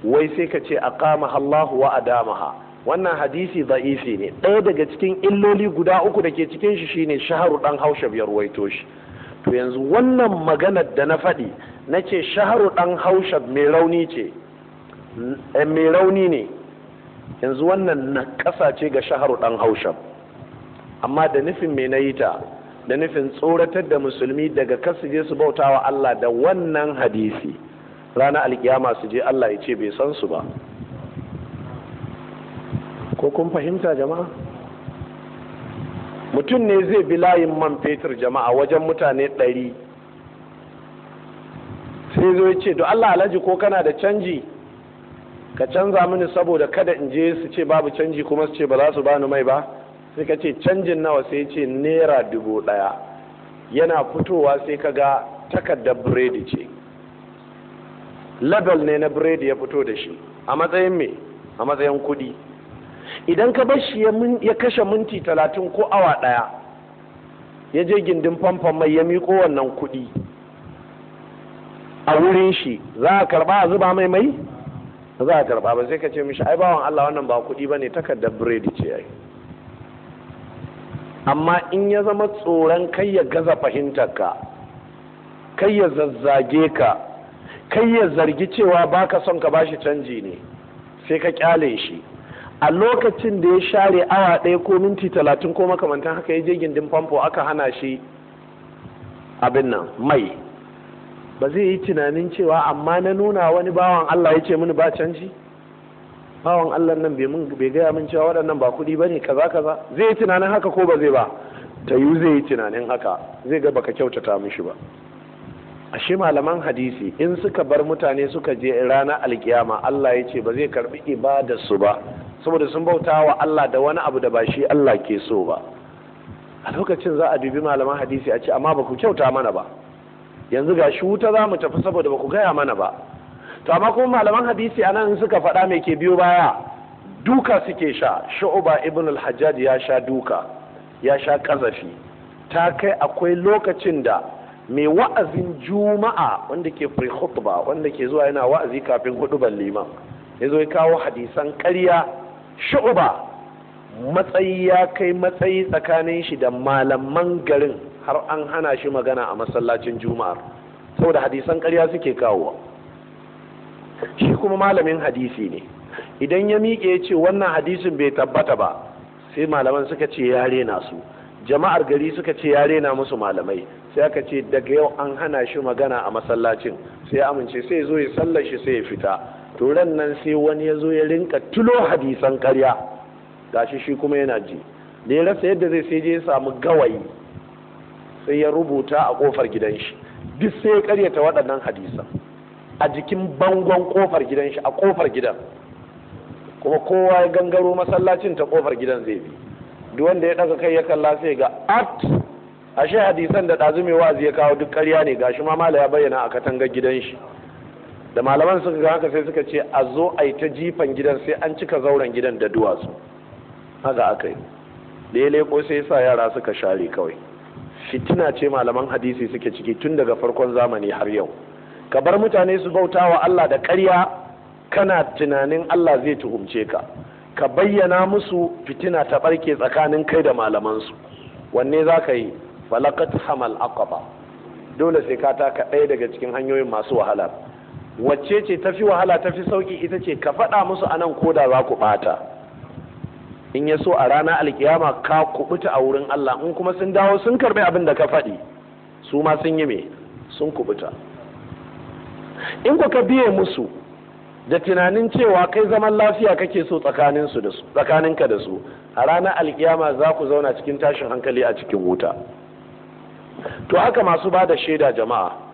wai sai ka ce aqama Allahu wa adamaha wannan hadisi za'ifi ne ɗaya daga cikin illoli guda uku da ke cikin shi shine shaharu ɗan hausha biyar ruwaito shi to yanzu wannan maganar da na faɗi na ce shaharu ɗan hausha mai rauni ce eh, mai rauni ne yanzu wannan na ƙasa ce ga shaharu ɗan hausha amma da nufin mai na yi ta da nufin tsoratar da musulmi daga kasu je su bautawa Allah da wannan hadisi ranar alkiyama su je Allah ya ce bai san su ba ko kun fahimta jama'a mutum ne zai bi layin man fetur jama'a wajen mutane ɗari sai zo ya ce to Allah alhaji ko kana da canji ka canza mini saboda kada in je su ce babu canji kuma su ce ba za su bani mai ba sai ka ce canjin nawa sai ce naira dubu ɗaya yana fitowa sai ka ga takardar biredi ce label ne na biredi ya fito da shi a matsayin me a matsayin kuɗi idan ka bar shi ya kashe minti talatin ko awa ɗaya ya je gindin famfon mai ya miƙo wannan kuɗi a wurin shi za a karɓa a zuba mai mai za a karɓa ba sai ka ce mishi ai bawan Allah wannan ba kuɗi ba ne takardar biredi ce amma in ya zama tsoron kai ya gaza fahimtarka kai ya zazzage ka kai ya zargi cewa baka son ka bashi canji ne sai ka kyale shi a lokacin da ya share awa ɗaya ko minti talatin ko makamantan haka ya je gindin famfo aka hana shi abin nan mai ba zai yi tunanin cewa amma na nuna wani bawan Allah ya ce mini ba canji bawan Allah nan bai gaya min cewa waɗannan ba kuɗi ba ne kaza kaza zai yi tunanin haka ko ba zai ba ta yi zai yi tunanin haka zai ga baka kyautata mishi ba ashe malaman hadisi in suka bar mutane suka je ranar alkiyama Allah ya ce ba zai karɓi ibadarsu ba saboda sun bauta wa Allah da wani abu da ba shi Allah ke so ba a lokacin za a dubi malaman hadisi a ce amma ba ku kyauta mana ba yanzu ga shi wuta za mu tafi saboda ba ku gaya mana ba to amma kuma malaman hadisi anan suka faɗa mai ke biyo baya duka suke sha shu'uba ibn al-hajjaj ya sha duka ya sha kazafi ta kai akwai lokacin da mai wa'azin juma'a wanda ke pre wanda ke zuwa yana wa'azi kafin hudu liman ya zo ya kawo hadisan ƙarya. shu'uba matsayi ya kai matsayi tsakanin shi da malaman garin har an hana shi magana a masallacin juma'ar saboda hadisan ƙarya suke kawo shi kuma malamin hadisi ne idan ya miƙe ya ce wannan hadisin bai tabbata ba sai malaman suka ce ya rena su jama'ar gari suka ce ya rena musu malamai sai aka ce daga yau an hana shi magana a masallacin sai ya amince sai zo ya sallar shi sai ya fita turan nan sai wani ya zo ya rinka tulo hadisan karya gashi shi kuma yana ji da ya rasa yadda zai sai je ya samu gawayi sai ya rubuta a kofar gidan shi duk sai ya karyata waɗannan hadisan a jikin bangon kofar gidan shi a kofar gidan kuma kowa ya gangaro masallacin ta kofar gidan zai bi duk wanda ya ɗaga kai ya kalla sai ga at ashe hadisan da ɗazu mai ya kawo duk karya ne gashi ma mala ya bayyana a katangar gidan shi da malaman suka ga haka sai suka ce a zo a yi ta jifan gidan sai an cika zauren gidan da duwatsu haka aka yi lele ya sai sa yara suka share kawai fitina ce malaman hadisi suke ciki tun daga farkon zamani har yau ka bar mutane su bauta wa Allah da ƙarya kana tunanin Allah zai tuhumce ka ka bayyana musu fitina ta barke tsakanin kai da malamansu wanne za ka yi falakat hamal aqaba dole sai ka taka ɗaya daga cikin hanyoyin masu wahala wacce ce ta fi wahala ta fi sauki ita ce ka faɗa musu anan koda za ku ɓata in ya so a ranar alkiyama ka kubuta a wurin Allah in kuma sun dawo sun karbi abin da ka faɗi su ma sun yi me sun kubuta in ku ka biye musu da tunanin cewa kai zaman lafiya kake so tsakaninka da su a ranar alkiyama za ku zauna cikin tashin hankali a cikin wuta to haka masu ba da shaida jama'a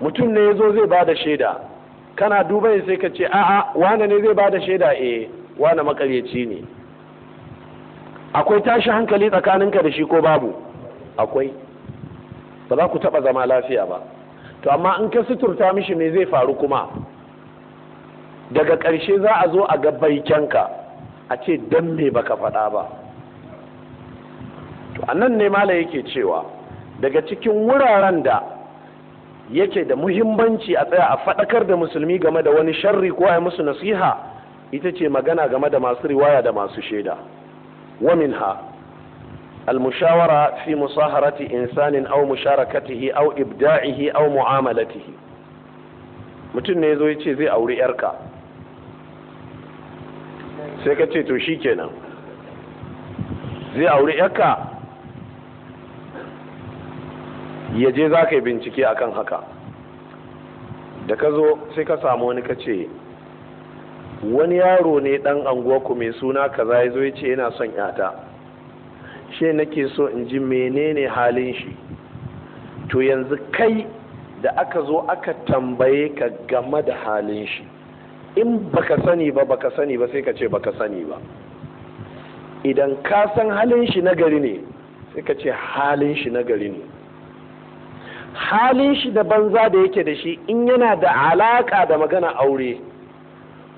mutum ne ya zo zai ba da shaida kana duban sai ka ce a'a wane ne zai ba da shaida eh wane makaryaci ne akwai tashi hankali tsakaninka da shi ko babu akwai ba za ku taba zama lafiya ba to amma in ka suturta mishi me zai faru kuma daga ƙarshe za a zo a ga baikenka a ce dan me baka faɗa ba to annan ne mala yake cewa daga cikin wuraren da yake da muhimmanci a tsaya a faɗakar da musulmi game da wani sharri ko a ya musu nasiha ita ce magana game da masu riwaya da masu shaida wa minha المشاورة fi musaharati insanin أو musharakatihi au ibda'ihi أو mu'amalatihi mutum ne zo yace zai auri yarka sai ka ce to shi kenan zai auri yarka ya je za ka yi bincike akan haka da ka zo sai ka samu wani ka ce wani yaro ne dan anguwarku mai suna kaza ya zo ya ce yana son yata shi nake so in ji menene halin shi to yanzu kai da aka zo aka tambaye ka game da halin shi in baka sani ba baka sani ba sai ka ce baka sani ba idan ka san halin shi nagari ne sai ka ce halin shi nagari ne halin shi da banza da yake da shi in yana da alaka da magana aure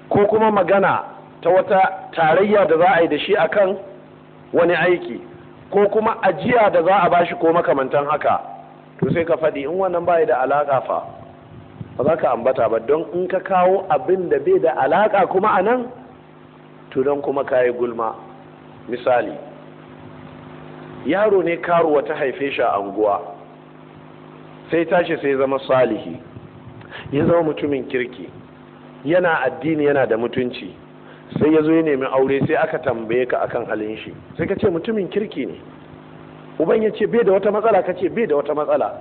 ko kuma magana ta wata tarayya da za a yi da shi a kan wani aiki ko kuma ajiya da za a bashi ko makamantan haka to sai ka faɗi in wannan bai da alaka fa ba za ka ambata ba don in ka kawo abin da bai da alaka kuma a nan to don kuma ka yi gulma misali yaro ne karuwa ta haife shi a anguwa sai tashi sai zama salihi ya zama mutumin kirki yana addini yana da mutunci sai ya zo ya nemi aure sai aka tambaye ka akan halin shi sai ka ce mutumin kirki ne uban ya ce bai da wata matsala ka ce bai da wata matsala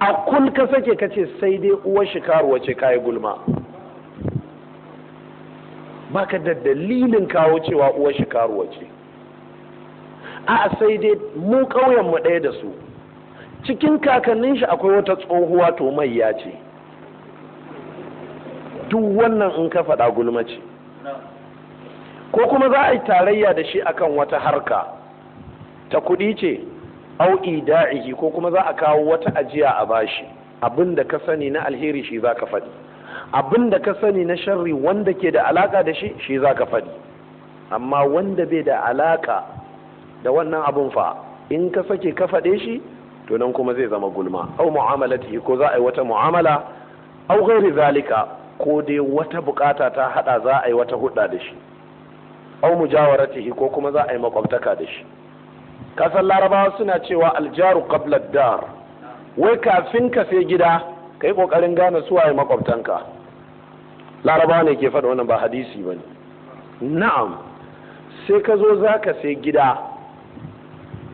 a kul ka sake ka ce sai dai uwa shi karuwa ce kayi gulma ba ka da dalilin kawo cewa uwa shi karuwa ce a sai dai mu ƙauyen mu ɗaya da su cikin kakannin shi akwai wata tsohuwa to mai ya ce duk wannan in ka faɗa gulma ce ko kuma za a yi tarayya da shi akan wata harka ta kuɗi ce au ida'ihi ko kuma za a kawo wata ajiya a bashi abin da ka sani na alheri shi za ka faɗi abin da ka sani na sharri wanda ke da alaka da shi shi za ka faɗi amma wanda bai da alaka da wannan abun fa in ka sake ka faɗe shi to nan kuma zai zama gulma au mu'amalati ko za a yi wata mu'amala au ghairi zalika ko dai wata bukata ta hada za a yi wata hudda da shi au mujawaratihi ko kuma za a yi makwabtaka da shi kasan larabawa suna cewa aljaru qabla dar wai kafin ka sai gida kai kokarin gane su waye makwabtanka larabawa ne ke faɗa wannan ba hadisi bane na'am sai ka zo zaka ka sai gida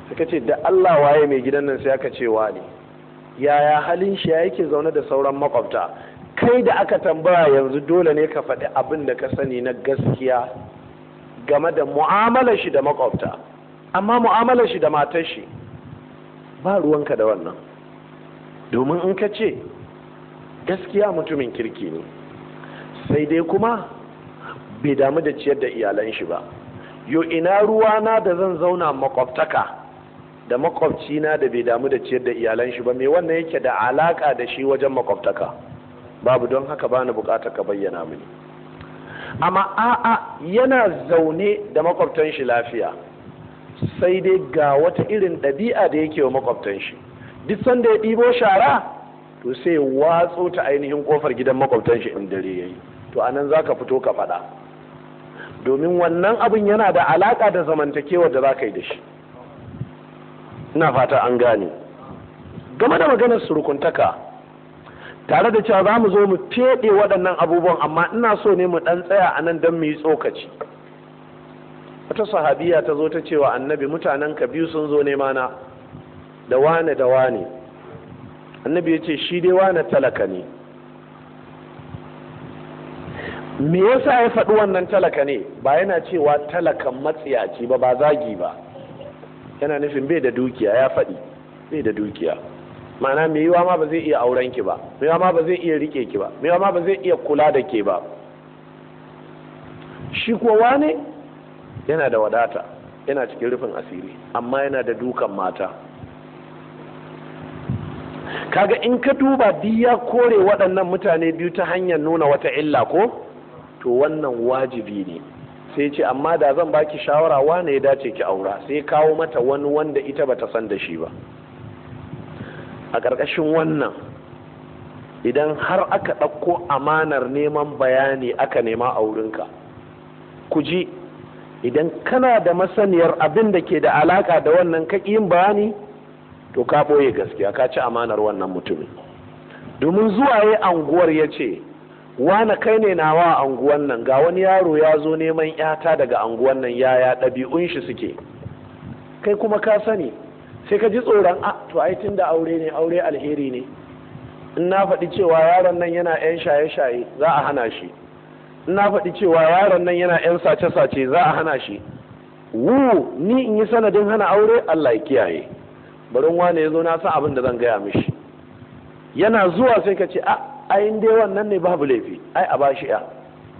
suka ce da Allah waye mai gidan nan sai aka ce ne yaya halin shi yake zaune da sauran makwabta kai da aka tambaya yanzu dole ne ka faɗi abin da ka sani na gaskiya game da mu'amalar shi da makwabta amma mu'amalar shi da matar shi ba ruwanka da wannan domin in ka ce gaskiya mutumin kirki ne sai dai kuma bai damu da ciyar da iyalan shi ba yo ina ruwana da zan zauna makwabtaka da makwabcina da bai damu da ciyar da iyalan shi ba mai wannan yake da alaka da shi wajen makwabtaka babu don haka bani bukatar ka bayyana mini amma a'a yana zaune da makwabtan shi lafiya sai dai ga wata irin ɗabi'a da yake wa makwabtan shi duk sanda ya ɗibo shara to sai watso ta ainihin kofar gidan makwabtan shi in dare yayi to anan zaka fito ka faɗa domin wannan abun yana da alaka da zamantakewa da zaka yi da shi ina fata an gane game da maganar surukuntaka tare da cewa za mu zo mu feɗe waɗannan abubuwan amma ina so ne mu ɗan tsaya a nan don mu yi tsokaci wata sahabiya ta zo ta cewa annabi mutanen ka biyu sun zo ne mana da wane da wane annabi ya ce shi dai wane talaka ne me yasa ya faɗi wannan talaka ne ba yana cewa talakan matsiyaci ba ba zagi ba yana nufin bai da dukiya ya faɗi bai da dukiya ma'ana mai yiwa ma ba zai iya auren ki ba mai yiwa ma ba zai iya rike ki ba mai yiwa ma ba zai iya kula da ke ba shi kuwa wane yana da wadata yana cikin rufin asiri amma yana da dukan mata kaga in ka duba biya kore waɗannan mutane biyu ta hanyar nuna wata illa ko to wannan wajibi ne sai ce amma da zan baki shawara wane ya dace ki aura sai kawo mata wani wanda ita bata san da shi ba a ƙarƙashin wannan idan har aka ɗauko amanar neman bayani aka nema a wurinka ku ji idan kana da masaniyar abin da ke da alaƙa da wannan yin bayani to ka ɓoye gaskiya ka ci amanar wannan mutumin domin zuwa ya anguwar ya ce wane kai ne nawa a anguwan nan ga wani yaro ya zo neman yata daga anguwan nan yaya ɗabi'un shi suke kai kuma ka sani sai ka ji tsoron a ah, to ai tun da aure ne aure alheri ne in na faɗi cewa yaron nan yana yan shaye-shaye za a hana shi in na faɗi cewa yaron nan yana yan sace-sace za a hana shi wu ni in yi sanadin hana aure Allah ya kiyaye barin wane ya zo na san abin da zan gaya mishi yana zuwa sai ka ce a ah, ai in dai wannan ne babu laifi ai a bashi ya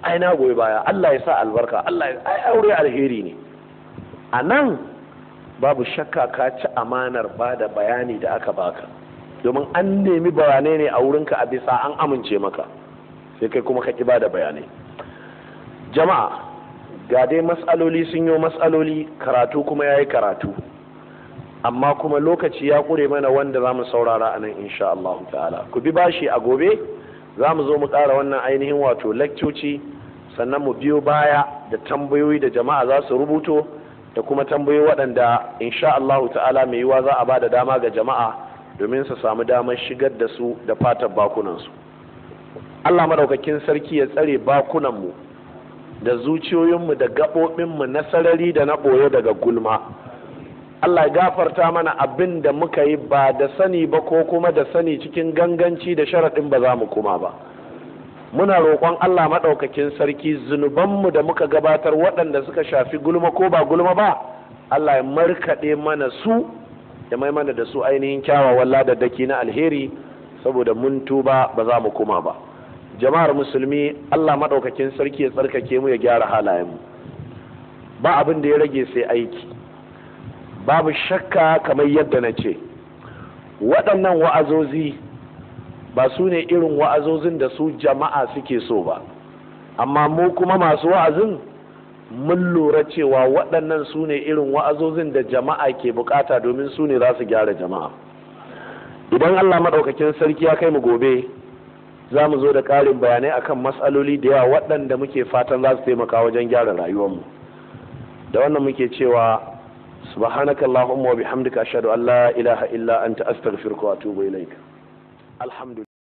ai na goyi baya Allah ya sa albarka Allah ya ai aure alheri ne a nan babu shakka ka ci amanar ba da bayani da aka baka domin an nemi bayanai ne a wurinka a bisa an amince maka sai kai kuma ka ki ba da bayanai jama'a ga dai matsaloli sun yi matsaloli karatu kuma ya yi karatu amma kuma lokaci ya ƙure mana wanda za mu saurara a nan insha Allah ta'ala ku bi bashi a gobe za mu zo mu ƙara wannan ainihin wato lakcoci sannan mu biyo baya da tambayoyi da jama'a za su rubuto da kuma tambayi waɗanda insha Allahu ta'ala mai yiwuwa za a ba da dama ga jama'a domin su samu damar shigar da su da fatan bakunansu Allah maɗaukakin sarki ya tsare bakunanmu da zuciyoyinmu da gaɓoɓinmu na sarari da na ɓoye daga gulma Allah gafarta mana abin da muka yi ba da sani ba ko kuma da sani cikin ganganci da sharaɗin ba za mu kuma ba muna roƙon Allah maɗaukakin sarki zunubanmu da muka gabatar waɗanda suka shafi gulma ko ba gulma ba Allah ya markaɗe mana su ya mai mana da su ainihin kyawawan ladadaki na alheri saboda mun tuba ba za mu kuma ba jama'ar musulmi Allah maɗaukakin sarki ya tsarkake mu ya gyara halayenmu ba abin da ya rage sai aiki babu shakka kamar yadda na ce waɗannan wa'azozi ba su ne irin wa'azozin da su jama'a suke so ba amma mu kuma masu wa'azin mun lura cewa waɗannan su ne irin wa'azozin da jama'a ke bukata domin su ne za su gyara jama'a idan allah maɗaukakin sarki ya kai mu gobe za mu zo da ƙarin bayanai akan matsaloli da yawa waɗanda muke fatan za su taimaka wajen gyara rayuwarmu da wannan muke cewa subhanaka allahumma wa bihamdika ashhadu an la ilaha illa anta astaghfiruka wa atubu ilaik